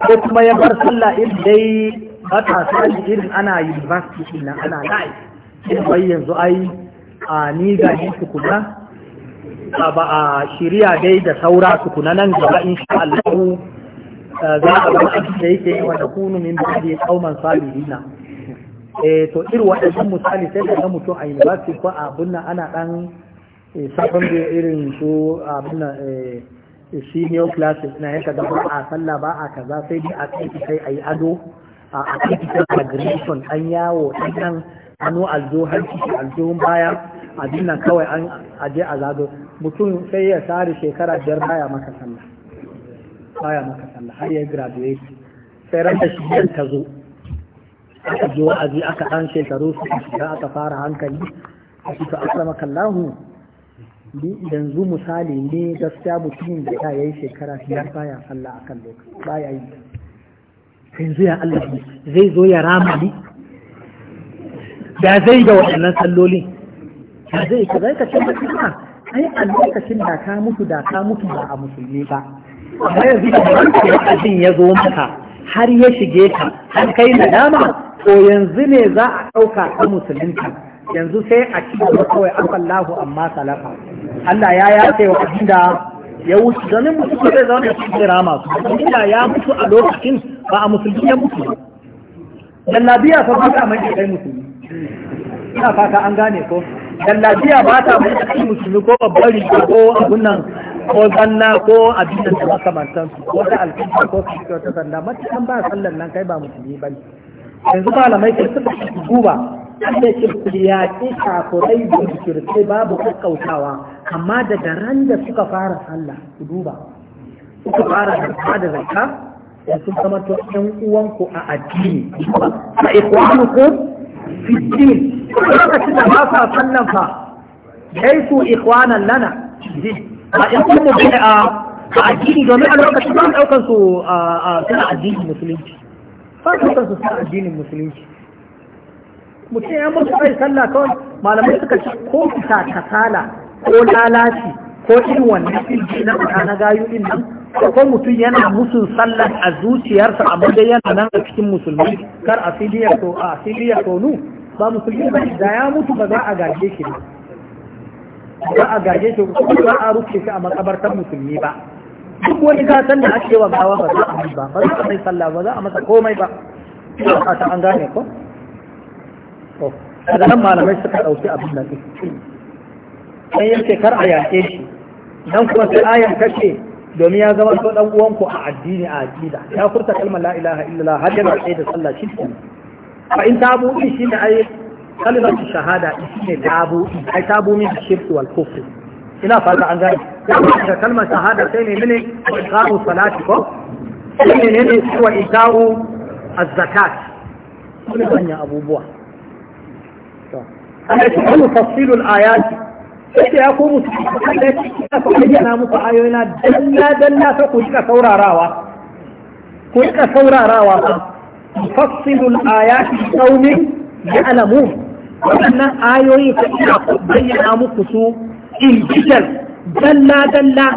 S1: ko kuma ya bar sallah in dai matasa ne irin ana university din nan ana lai in bai yanzu ai a ni ga ni tukuna ba a shirya dai da saura tukuna nan gaba insha Allah Eh, za a ba a da yake yi wanda kunu min ba'di qauman salihina eh to irin waɗannan misali sai da mutum a university ko a abin nan ana dan eh, sabon da irin su abin nan eh, senior classes na yanka da a sallah ba a kaza sai dai a kai sai ayi ado a a kai sai a graduation an yawo dan nan hannu aljo hanci aljo baya a dinna kawai an aje a zado mutum sai ya sare shekara biyar baya maka sallah baya maka higher graduate sai ran shi shi ta zo aka je wa'azi aka ɗan shekaru su shiga aka fara hankali a fito akrama kallahu ni yanzu misali ne gaskiya mutumin da ya yi shekara biyar baya Allah a kan lokaci baya yi yanzu ya Allah zai zo ya rama ni da zai ga waɗannan sallolin da zai ka zai ka ce ba ai a lokacin da ka mutu da ka mutu ba a musulmi ba amma ya zo maka har ya shige ka har kai nadama to yanzu ne za a ɗauka ta musulunci yanzu sai a ci gaba kawai afallahu amma salafa Allah ya ya wa abinda ya wuce domin musulunci zai zama cikin kira masu inda ya mutu a lokacin ba a musulunci ya mutu ba jallabiya fa ba ta mai kai musulmi ina fata an gane ko jallabiya ba ta mai kai musulmi ko babbar riga ko abun nan ko zanna ko abin da makamantan su ko ta alƙinta ko su shiga ta zanna matukan ba sallan nan kai ba musulmi ba ne yanzu malamai ke suka an da kirkiriyaƙi shafurai da kirkirai babu kakkautawa amma daga ran da suka fara sallah su duba suka fara zarta da zarta da sun zama to ɗan uwanku a addini a ikwanuku fitin lokacin da ba sa sallan fa kai su ikwanan lana a in kun mu bid'a a addini domin a lokacin ba ɗaukar su a suna addinin musulunci ba ɗaukar su suna addinin musulunci mutum ya mutu bai sallah kawai malamai suka ce ko fita kasala ko lalaci ko irin wannan ilji na fita na gayu din nan ko mutum yana musun sallah a zuciyarsa amma dai yana nan a cikin musulmi kar a filiya to a filiya to nu ba musulmi ba da ya mutu ba za a gaje shi ba ba a gaje shi kuma ba a rufe shi a makabartar musulmi ba duk wani gatan da ake wa gawa ba za a yi ba ba za a mai sallah ba za a masa komai ba a ta an gane ko daga nan malamai suka ɗauki abin da sai ce kar a yaƙe shi nan kuma sai ayan kashe domin ya zama so dan uwanku a addini a aqida ya furta kalmar la ilaha illallah har yana da sallah shi fa in tabu shi ne ayi كلمة الشهادة اسمه تابو أي تابو من الشرك والكفر إلا فالبا عن ذلك كلمة شهادة سيني من إقاء الصلاة سيني من هو إقاء الزكاة كلمة أن أبو بوا
S3: أنا أتكلم
S1: تفصيل الآيات Sai ya komo su kada ciki na faɗi yana muku ayoyina dalla dalla ta ku rika saurarawa. Ku rika saurarawa ba. Fassilul aya shi ƙaumi ya alamu waɗannan ayoyi ta ina bayyana muku su ilbitar dalla-dalla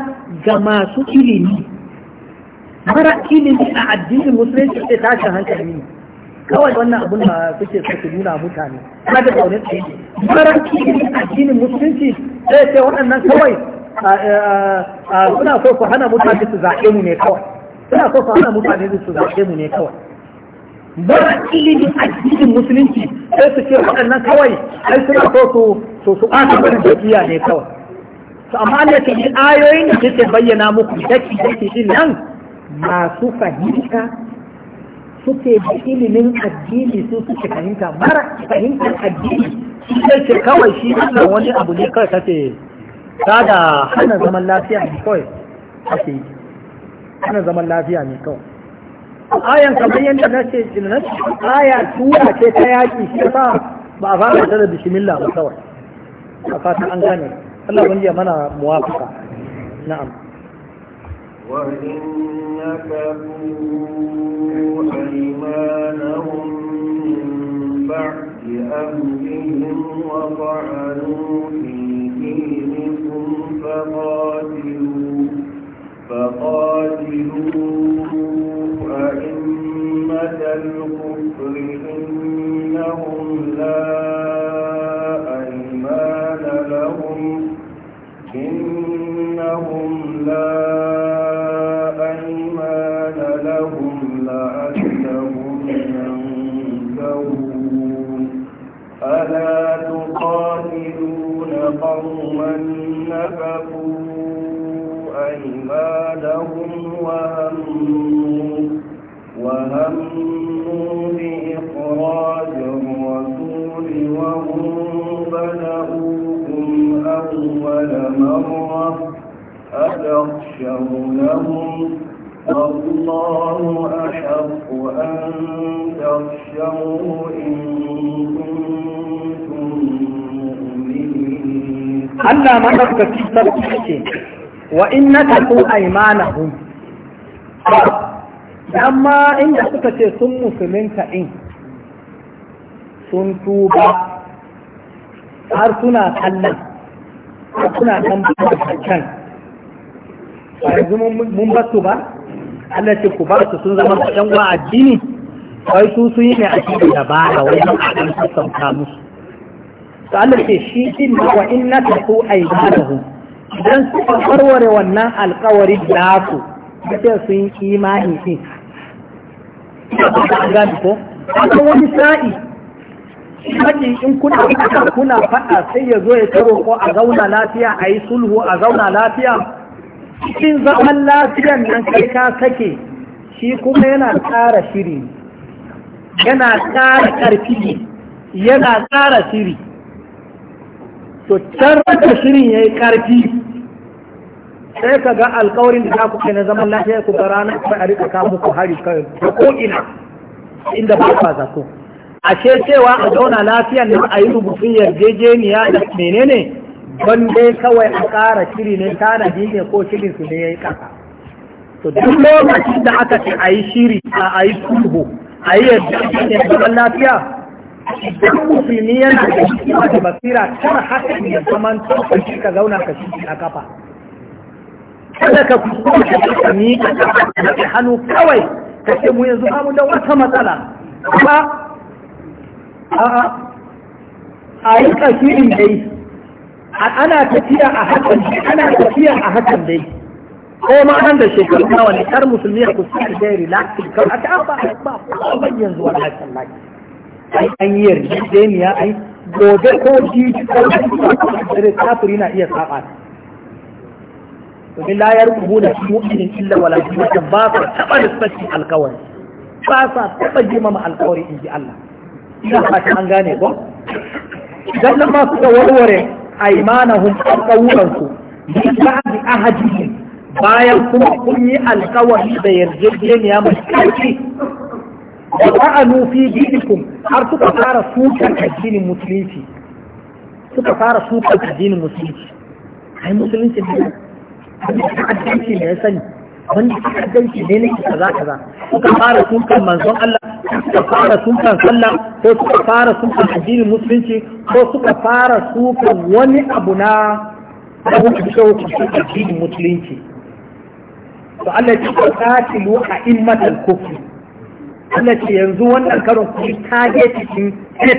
S1: ga masu ilimi mara ilimi a addinin musulunci sai tashin hankali ne kawai wannan abun da suke su nuna mutane na da zaune tsaye mara ilimi a addinin musulunci sai sai waɗannan kawai suna so su hana mutane su zaɓe mu ne kawai suna so su hana mutane su zaɓe mu ne kawai mara ilimin addinin musulunci sai su ce waɗannan kawai ai suna so su so su ɓata barin tafiya ne kawai to amma Allah ke yi ayoyin da ke bayyana muku daki daki din nan masu fahimta suke da ilimin addini su suke fahimta mara fahimtar addini shi sai ce kawai shi Allah wani abu ne kawai kace ta da hana zaman lafiya ne kawai kace hana zaman lafiya ne kawai ayan kamar yadda na ce jinnan aya tura ce ta yaƙi shi sa ba a fara da bishimillah ba kawai a fata an gane Allah wani ya mana muwafaka na'am
S2: وطعنوا في دينكم فقاتلوا فقاتلوا أئمة الكفر إنهم لا لهم إنهم لا لهم لعلهم ألا تقاتلون قوما نفقون أيمانهم وهموا وهموا بإخراج الرسول وهم بدأوكم أول مرة أتخشونهم والله أحق أن تخشوه إن كنتم مؤمنين.
S1: wa in na taku aimanahum amma inda suka ce sun musulunta in sun tuba har suna kallon har suna kan can yanzu mun basu ba Allah ce ku ba su sun zama ɗan wa addini wai su sun yi ne a cikin da ba da a abin sassauta musu to Allah ce shi ɗin wa in na taku aimanahum
S3: idan suka warware
S1: wannan alkawari da su ce sun yi imani din ko wani sa'i Maki in kuna kuna faɗa sai ya zo ya taro ko a zauna lafiya a yi sulhu a zauna lafiya cikin zaman lafiyan nan kai ka sake shi kuma yana ƙara shiri yana ƙara ƙarfi yana ƙara shiri to can rata shirin ya yi ƙarfi sai ka ga alkawarin da za ku kai na zaman lafiya ku ga ranar kai a rika kamu ku hari kai da ko'ina inda ba ku zato ashe cewa a zauna lafiya ne a yi rubutun yarjejeniya da menene don dai kawai a ƙara shiri ne tanadi ne ko shirin su ne ya yi ƙasa to duk lokacin da aka ce a yi shiri a yi sulhu a yi yarjejeniya zaman lafiya idan musulmi yana da shi da basira kar haka ya zaman shi ka zauna ka shi a kafa kada ka shi ka miƙa ka hannu kawai ka ce mu yanzu amu da wata matsala ba a yi ƙasirin dai ana tafiya a hakan ana tafiya a hakan dai ko ma an da shekaru nawa ne kar musulmi ya kuskure dai relaxing kawai a ta ba ba ba yanzu wannan laki ai an yi yarjejeniya ai gobe ko ji ko da kafiri na iya saba domin da su mu'minin illa wala yu'min ba sa taɓa respecting alkawari ba sa taɓa jima ma alkawari ji Allah ina fata an gane ko dan nan ma da warware aimanahum alkawuransu bi ba'di ahadihim bayan kuma kun yi alkawari da yarjejeniya mai karfi da ta'anu fi dinikum har suka fara sukan addinin musulunci suka fara sukan addinin musulunci ai musulunci ne ta'addanci ne ya sani wanda ta'addanci ne nake kaza kaza suka fara sukan manzon Allah suka fara sukan sallah ko suka fara sukan addinin musulunci ko suka fara sukan wani abu na hukuncin addinin musulunci to Allah ya ce a a'immatal kufri Allah ce yanzu wannan karin ku ta tage cikin head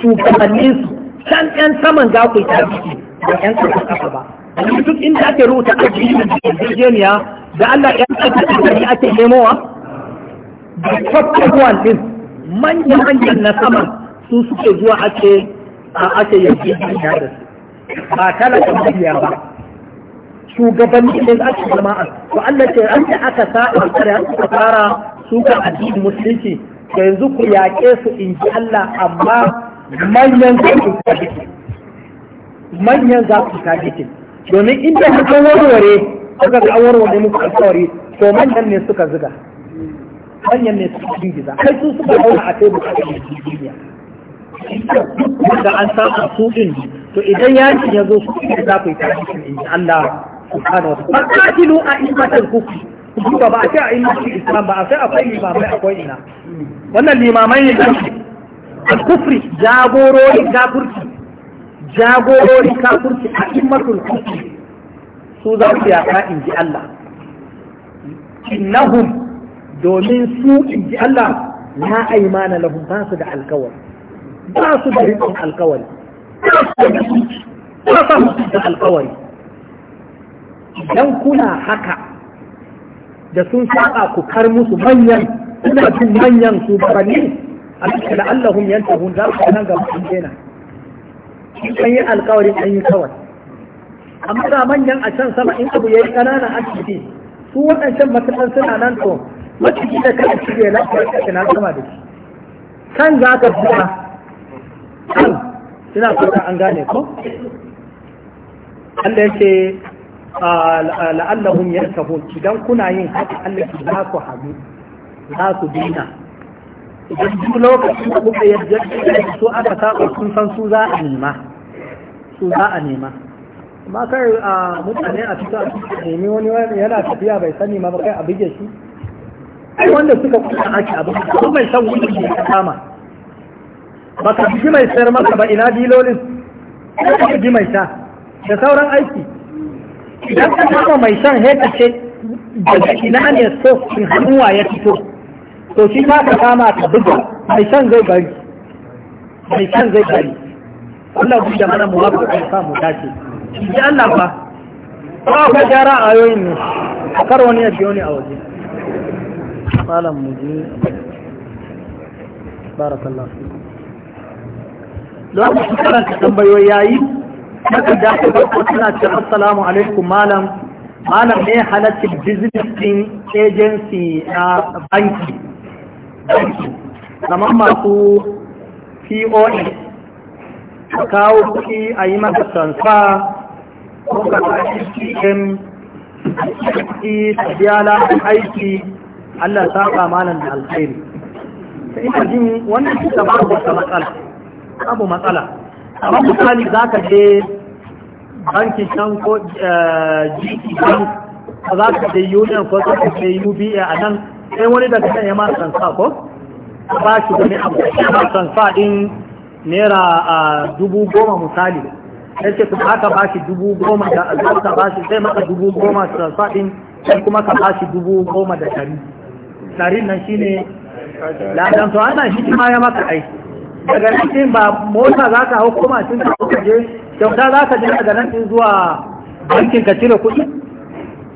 S1: shugabanninsu can ƴan saman za ku yi tage da ƴan ƙasa ƙasa ba yanzu duk inda ake rubuta addinin Virginia da Allah ƴan ƙasa ƙasa ne ake nemowa da top zuwa ɗin manyan manyan na saman su suke zuwa ake A ake yanzu da su ba talaka mabiya ba shugabanni ne za su zama an to Allah ce an aka sa'a a tsara aka fara suka addinin musulunci da yanzu ku yaƙe su in ji Allah amma manyan za ku tabitin manyan za ku tabitin domin inda kan warware suka ga an warware muku alƙawari to manyan ne suka zuga manyan ne suka girgiza kai su suka zauna a tebur a kan duniya da an samu su din to idan yakin ya zo su ne za ku yi tabitin in ji Allah subhanahu wa ta'ala faqatilu a ibatul kufri duka ba a ce a yi imanci islam ba a sai akwai limamai akwai ina wannan limamai ne al-kufri jagororin kafurci jagororin kafurci a immatul kufri su za su yaka in ji Allah innahum domin su in ji Allah na aimana lahum ba su da alkawari ba su da rikin alkawari ba su da alkawari idan kuna haka da sun saba ku kar musu manyan kuna jin manyan su bani a cikin Allahum yantahun za ku nan gaba sun shi kan yi alƙawarin an yi kawai amma da manyan a can sama in abu ya yi ƙanana an ciki su waɗancan matakan suna nan to maciji da kan shi ya lafiya ka na sama da shi kan za ka fita kan suna fata an gane ko Allah ya ce la'allahum yarkabun idan kuna yin haka Allah za ku hadu za ku dina idan duk lokacin da kuka yadda su aka saba sun san su za a nema su za a nema amma kai a mutane a fita nemi wani yana tafiya bai sani ma kai a bige shi ai wanda suka kuma ake abu ko bai san wuri ne ta kama baka ji mai sayar maka ba ina dilolin ka ji mai sa da sauran aiki idan ka taɓa mai son haka ce daga ina ne so in hannuwa ya fito to shi ma ka kama ta buga mai son zai bari mai son zai bari Allah bude mana mu haka ka samu dace ji Allah ba
S3: ba ka gyara a yoyin ne kar wani
S1: ya biyo ni a waje malam mu ji barakallahu lokacin karanta tambayoyi yayi Nakan da aka farko tana ce assalamu alaikum malam malam ne halaccin business din agency na banki Zaman masu pos ka kawo kuɗi a yi maka transfer ko ka kashi cm kuɗi ta biya aiki allah saka malam da alkhairi sai ina jin wannan suka ba matsala abu matsala amma misali za ka je bankin can ko eh, G.T bank za ka je union ko za ka je uba a nan sai wani daga can ya masu transfer ko ba shi da ne abu ya ma transfer din naira a dubu goma misali sai ce kuma aka ba shi dubu goma da albarka ba shi sai maka dubu goma transfer din sai kuma ka ba shi dubu goma da tari. Tarin nan shine ladan to ana shi ma ya maka aiki daga nan din ba mota za ka hau koma cin ka je kyauta za ka je daga nan din zuwa bankin ka cire kuɗi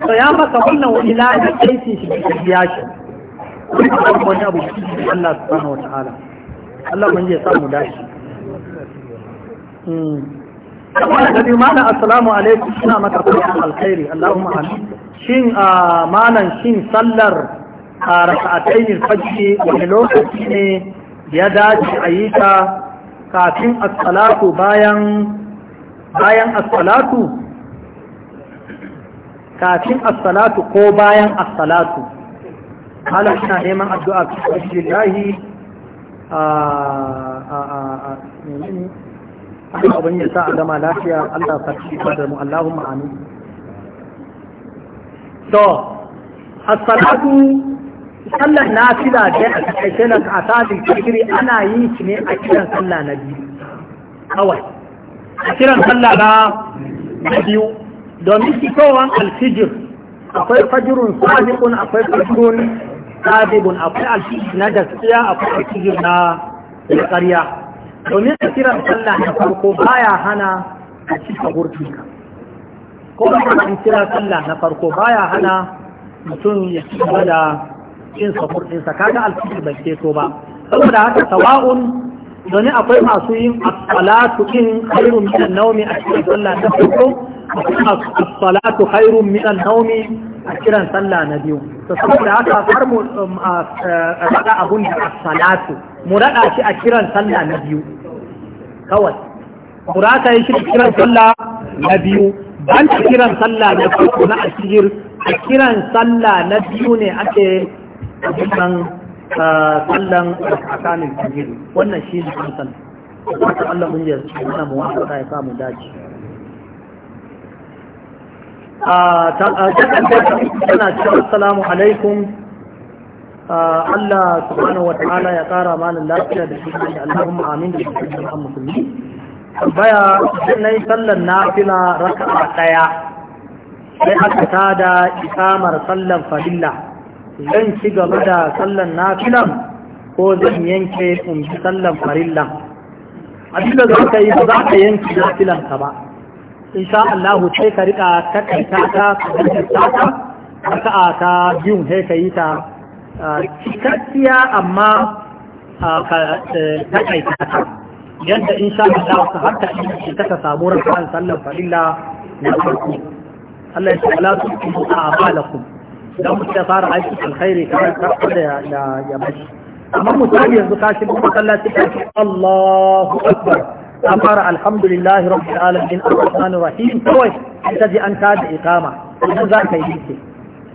S1: to ya maka wannan wani lada aiki shi ka biya shi wani abu shi Allah subhanahu wa ta'ala Allah mun yi samu dashi hmm. kamar da biyu mana assalamu alaikum suna maka fatan alkhairi Allahumma amin shin ah, malan shin sallar a ah, raka'atayn fajr wani lokaci ne ya dace a yi ta kafin asalatu bayan bayan asalatu? kafin asalatu ko bayan halar shi na neman addu'a cikin lahi a a a abin ya sa a gama lafiya Allah sarki da mu Allahumma amin to assalatu sallar nafila dai a takaice na asabin kiri ana yi shi ne a kiran sallah na biyu kawai a kiran sallah na biyu domin kowan alfijir akwai fajirun sabibun akwai fajirun sabibun akwai alfijir na gaskiya akwai alfijir na ƙarya domin a kiran sallah na farko baya hana a cika hurtinka ko a kiran sallah na farko baya hana mutum ya ci da din safur din kaga alfijir bai keto ba saboda haka sawa'un domin akwai masu yin asalatu salatu in khairun min an-nawmi a cikin sallah ta farko akwai as asalatu khairun min an-nawmi a kiran sallah na biyu to saboda haka har mu rada um, abun da asalatu mu rada shi a kiran sallah na biyu kawai mu rada shi a kiran sallah na biyu ban kiran sallah na farko na asir a kiran sallah na biyu ne ake kan ah, sallan tsakanin tahir wannan shi ne kansan wata allon mun yi wannan mu wasa ya samu daji a takan tana cewa salamu alaikum ah, Allah subhanahu ta'ala ya kara malin lafiya da shi da Allahumma amin da shi ne musulmi baya yi sallan raka a daya sai aka tada ikamar sallan fadilla zan ci gaba da sallan nafilan ko zan yanke in bi sallan farillan abin da za ka yi za ka yanke nafilan ka ba insha Allah sai ka rika ka ta ta ka raka'a ta biyun sai ka yi ta cikakkiya amma ka e, takaita ta yadda in sha Allah ka hatta in ka samu rakan sallan farilla na farko Allah ya ce la tuqtu a'malakum don mutum ya fara aiki alkhairi kamar karfa da ya bashi amma misali yanzu ka shiga masallaci ka ce Allahu akbar an fara alhamdulillahi rabbil alamin arrahmanir rahim kawai ita ji an tada iqama idan za ka yi ce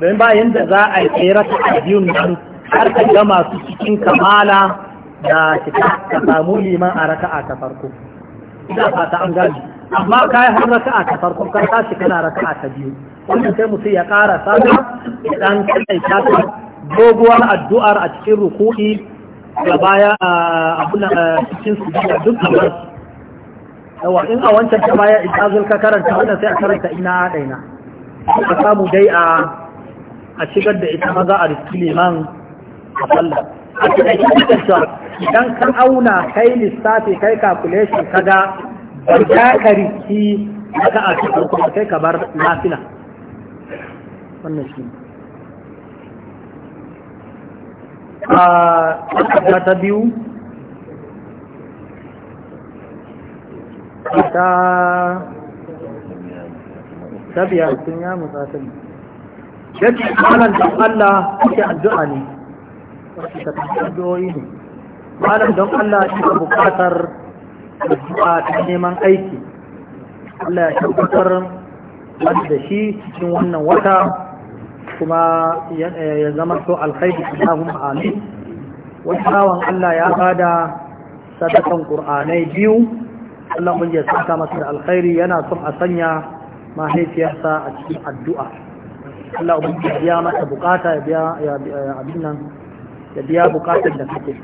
S1: domin ba yanda za a yi tsere ta addiyun nan har ka gama su cikin kamala da shiga. ka samu liman a raka'a ta farko ina fata an gani amma kai har raka'a ta farko ka tashi kana raka'a ta biyu wannan sai mutum ya ƙara sata ya ɗan kai sata doguwar addu'ar a cikin ruku'i da baya a abin cikin su duk kamar yawa in a wancan ta baya idan ka karanta wannan sai a karanta ina ɗaina ka samu dai a a shigar da ita maza a riski liman a sallah a cikin idan ka auna kai lissafi kai calculation kaga ba ka riski ka a cikin kuma kai ka bar lafina wannan shi a ta biyu ta ta biya sun ya musa ta ne yadda malam don Allah suke addu'a ne wasu ta tafi addu'o'i ne malam don Allah suke ka bukatar addu'a ta neman aiki Allah ya tabbatar wanda shi cikin wannan wata kuma eh, ya zama to alkhairi Allahumma amin wani bawan Allah ya bada sadakan Ƙur'anai biyu Allah mun ya saka masa da alkhairi yana son a sanya mahaifiyarsa a cikin addu'a Allah mun ya biya masa bukata ya biya abin nan ya biya bukatar da kake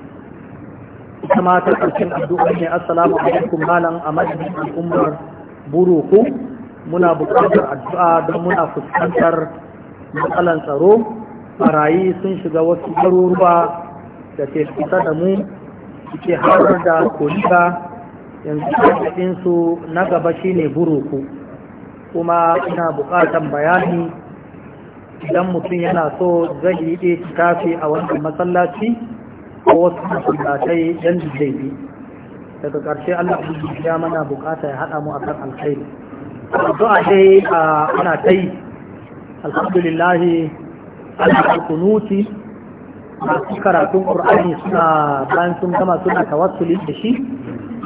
S1: ita ma ta karshen addu'a ne assalamu alaikum malam a madadin al'ummar buruku muna bukatar addu'a don muna fuskantar matsalan tsaro barayi sun shiga wasu garuruwa da ke kusa da mu suke harar da koliga yanzu su na gaba shine buruku kuma ina buƙatan bayani idan mutum yana so zai yi ɗe tafi a wannan masallaci ko wasu masallatai yan jijjai daga ƙarshe Allah ya mana buƙata ya haɗa mu akan alkhairi a dai ana ta yi alhamdulillah alkunuti masu karatun ƙur'ani suna bayan sun gama suna tawassuli da shi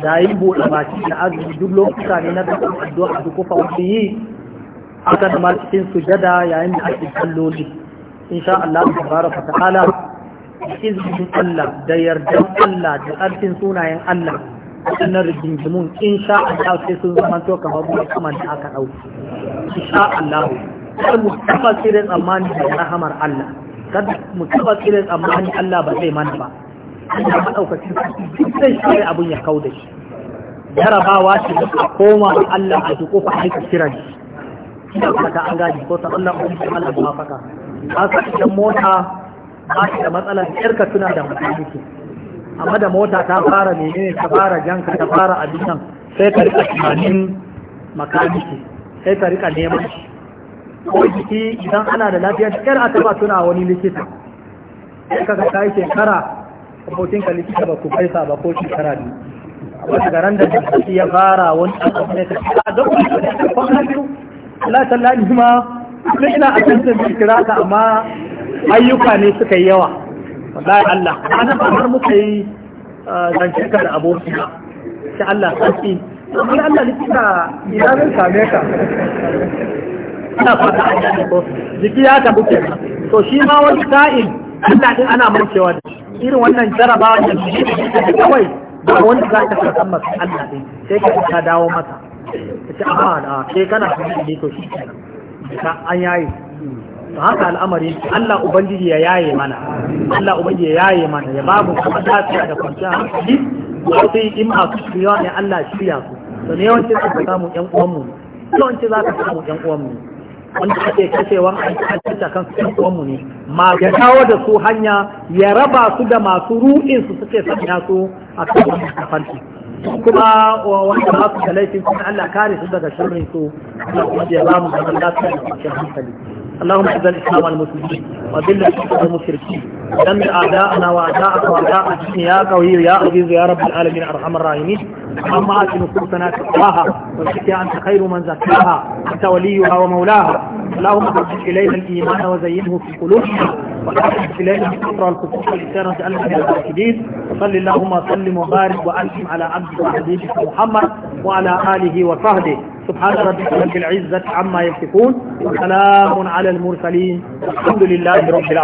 S1: da yin buɗe baki da azumi duk lokuta ne na dukkan addu'a da kufa wani yi aka da cikin sujada yayin da ake kalloli insha Allah ta'ala izinin Allah da yardan Allah da ƙarfin sunayen Allah waɗannan rigingimun in Allah sai sun zama to kamar kuma da aka ɗauki in Allah kar mu taba kiran tsammani da rahamar Allah kar mu taba kiran tsammani Allah ba zai mana ba Allah madaukakin duk zai shirya abun ya da shi
S3: jarabawa ce a
S1: koma Allah a duk fa aika kiran shi ina fata an gaji ko ta Allah ko ta Allah ba faka haka da mota ba ta da matsalar ka tuna da mutunci amma da mota ta fara menene ta fara janka ta fara abin sai ta rika tunanin makaniki sai ta rika neman shi ko jiki idan ana da lafiya da kyar a taba tuna wani likita sai kaga ka yi shekara abokin ka likita ba ku faisa ba ko shekara ne wasu garan da jiki ya fara wani abu ne ta da kuma da ta kwana biyu Allah sallah ni ma sai ina a kan sai kira ka amma ayyuka ne suka yi yawa wallahi Allah ana ba muka yi ah, zance ka da abokin sai Allah sarki amma Allah likita idan zan same ka ina fata a jiki ko jiki ya tabu ke to shi ma wani sa'in Allah din ana mancewa da irin wannan jarabawa da shi kawai ba wanda za ka karɓar masa Allah din sai ka ta dawo masa ta a da sai kana ne to shi ka an yayi to haka al'amari Allah ubangiji ya yaye mana Allah ubangiji ya yaye mana ya babu kuma lafiya da kwanciyar sai wasu in masu shirya ne Allah shi ya su to ne yawanci za ka samu ƴan uwanmu yawanci za ka samu ƴan uwanmu wanda ake kashewan aikata kan su uwanmu ne ma ya kawo da su hanya ya raba su da masu ru'in su suke sanya su a kan wannan kafanci kuma wanda ba su da laifin kuma Allah kare su daga shirin su Allah ya ba mu zaman lafiya da cikin hankali اللهم اعز الاسلام والمسلمين وذل الشرك والمشركين دم اعداءنا واعداءك واعداء الدين يا قوي يا عزيز يا رب العالمين ارحم الراحمين اللهم آت نفوسنا تقواها وزكها أنت خير من زكاها أنت وليها ومولاها اللهم حبب إليها الإيمان وزينه في قلوبنا وحبب إليها الكفر الكفر والإسلام تألم من الراشدين وصل اللهم وسلم وبارك وأنعم على عبدك وحبيبك محمد وعلى آله وصحبه سبحان ربك رب العزة عما يصفون وسلام على المرسلين والحمد لله رب العالمين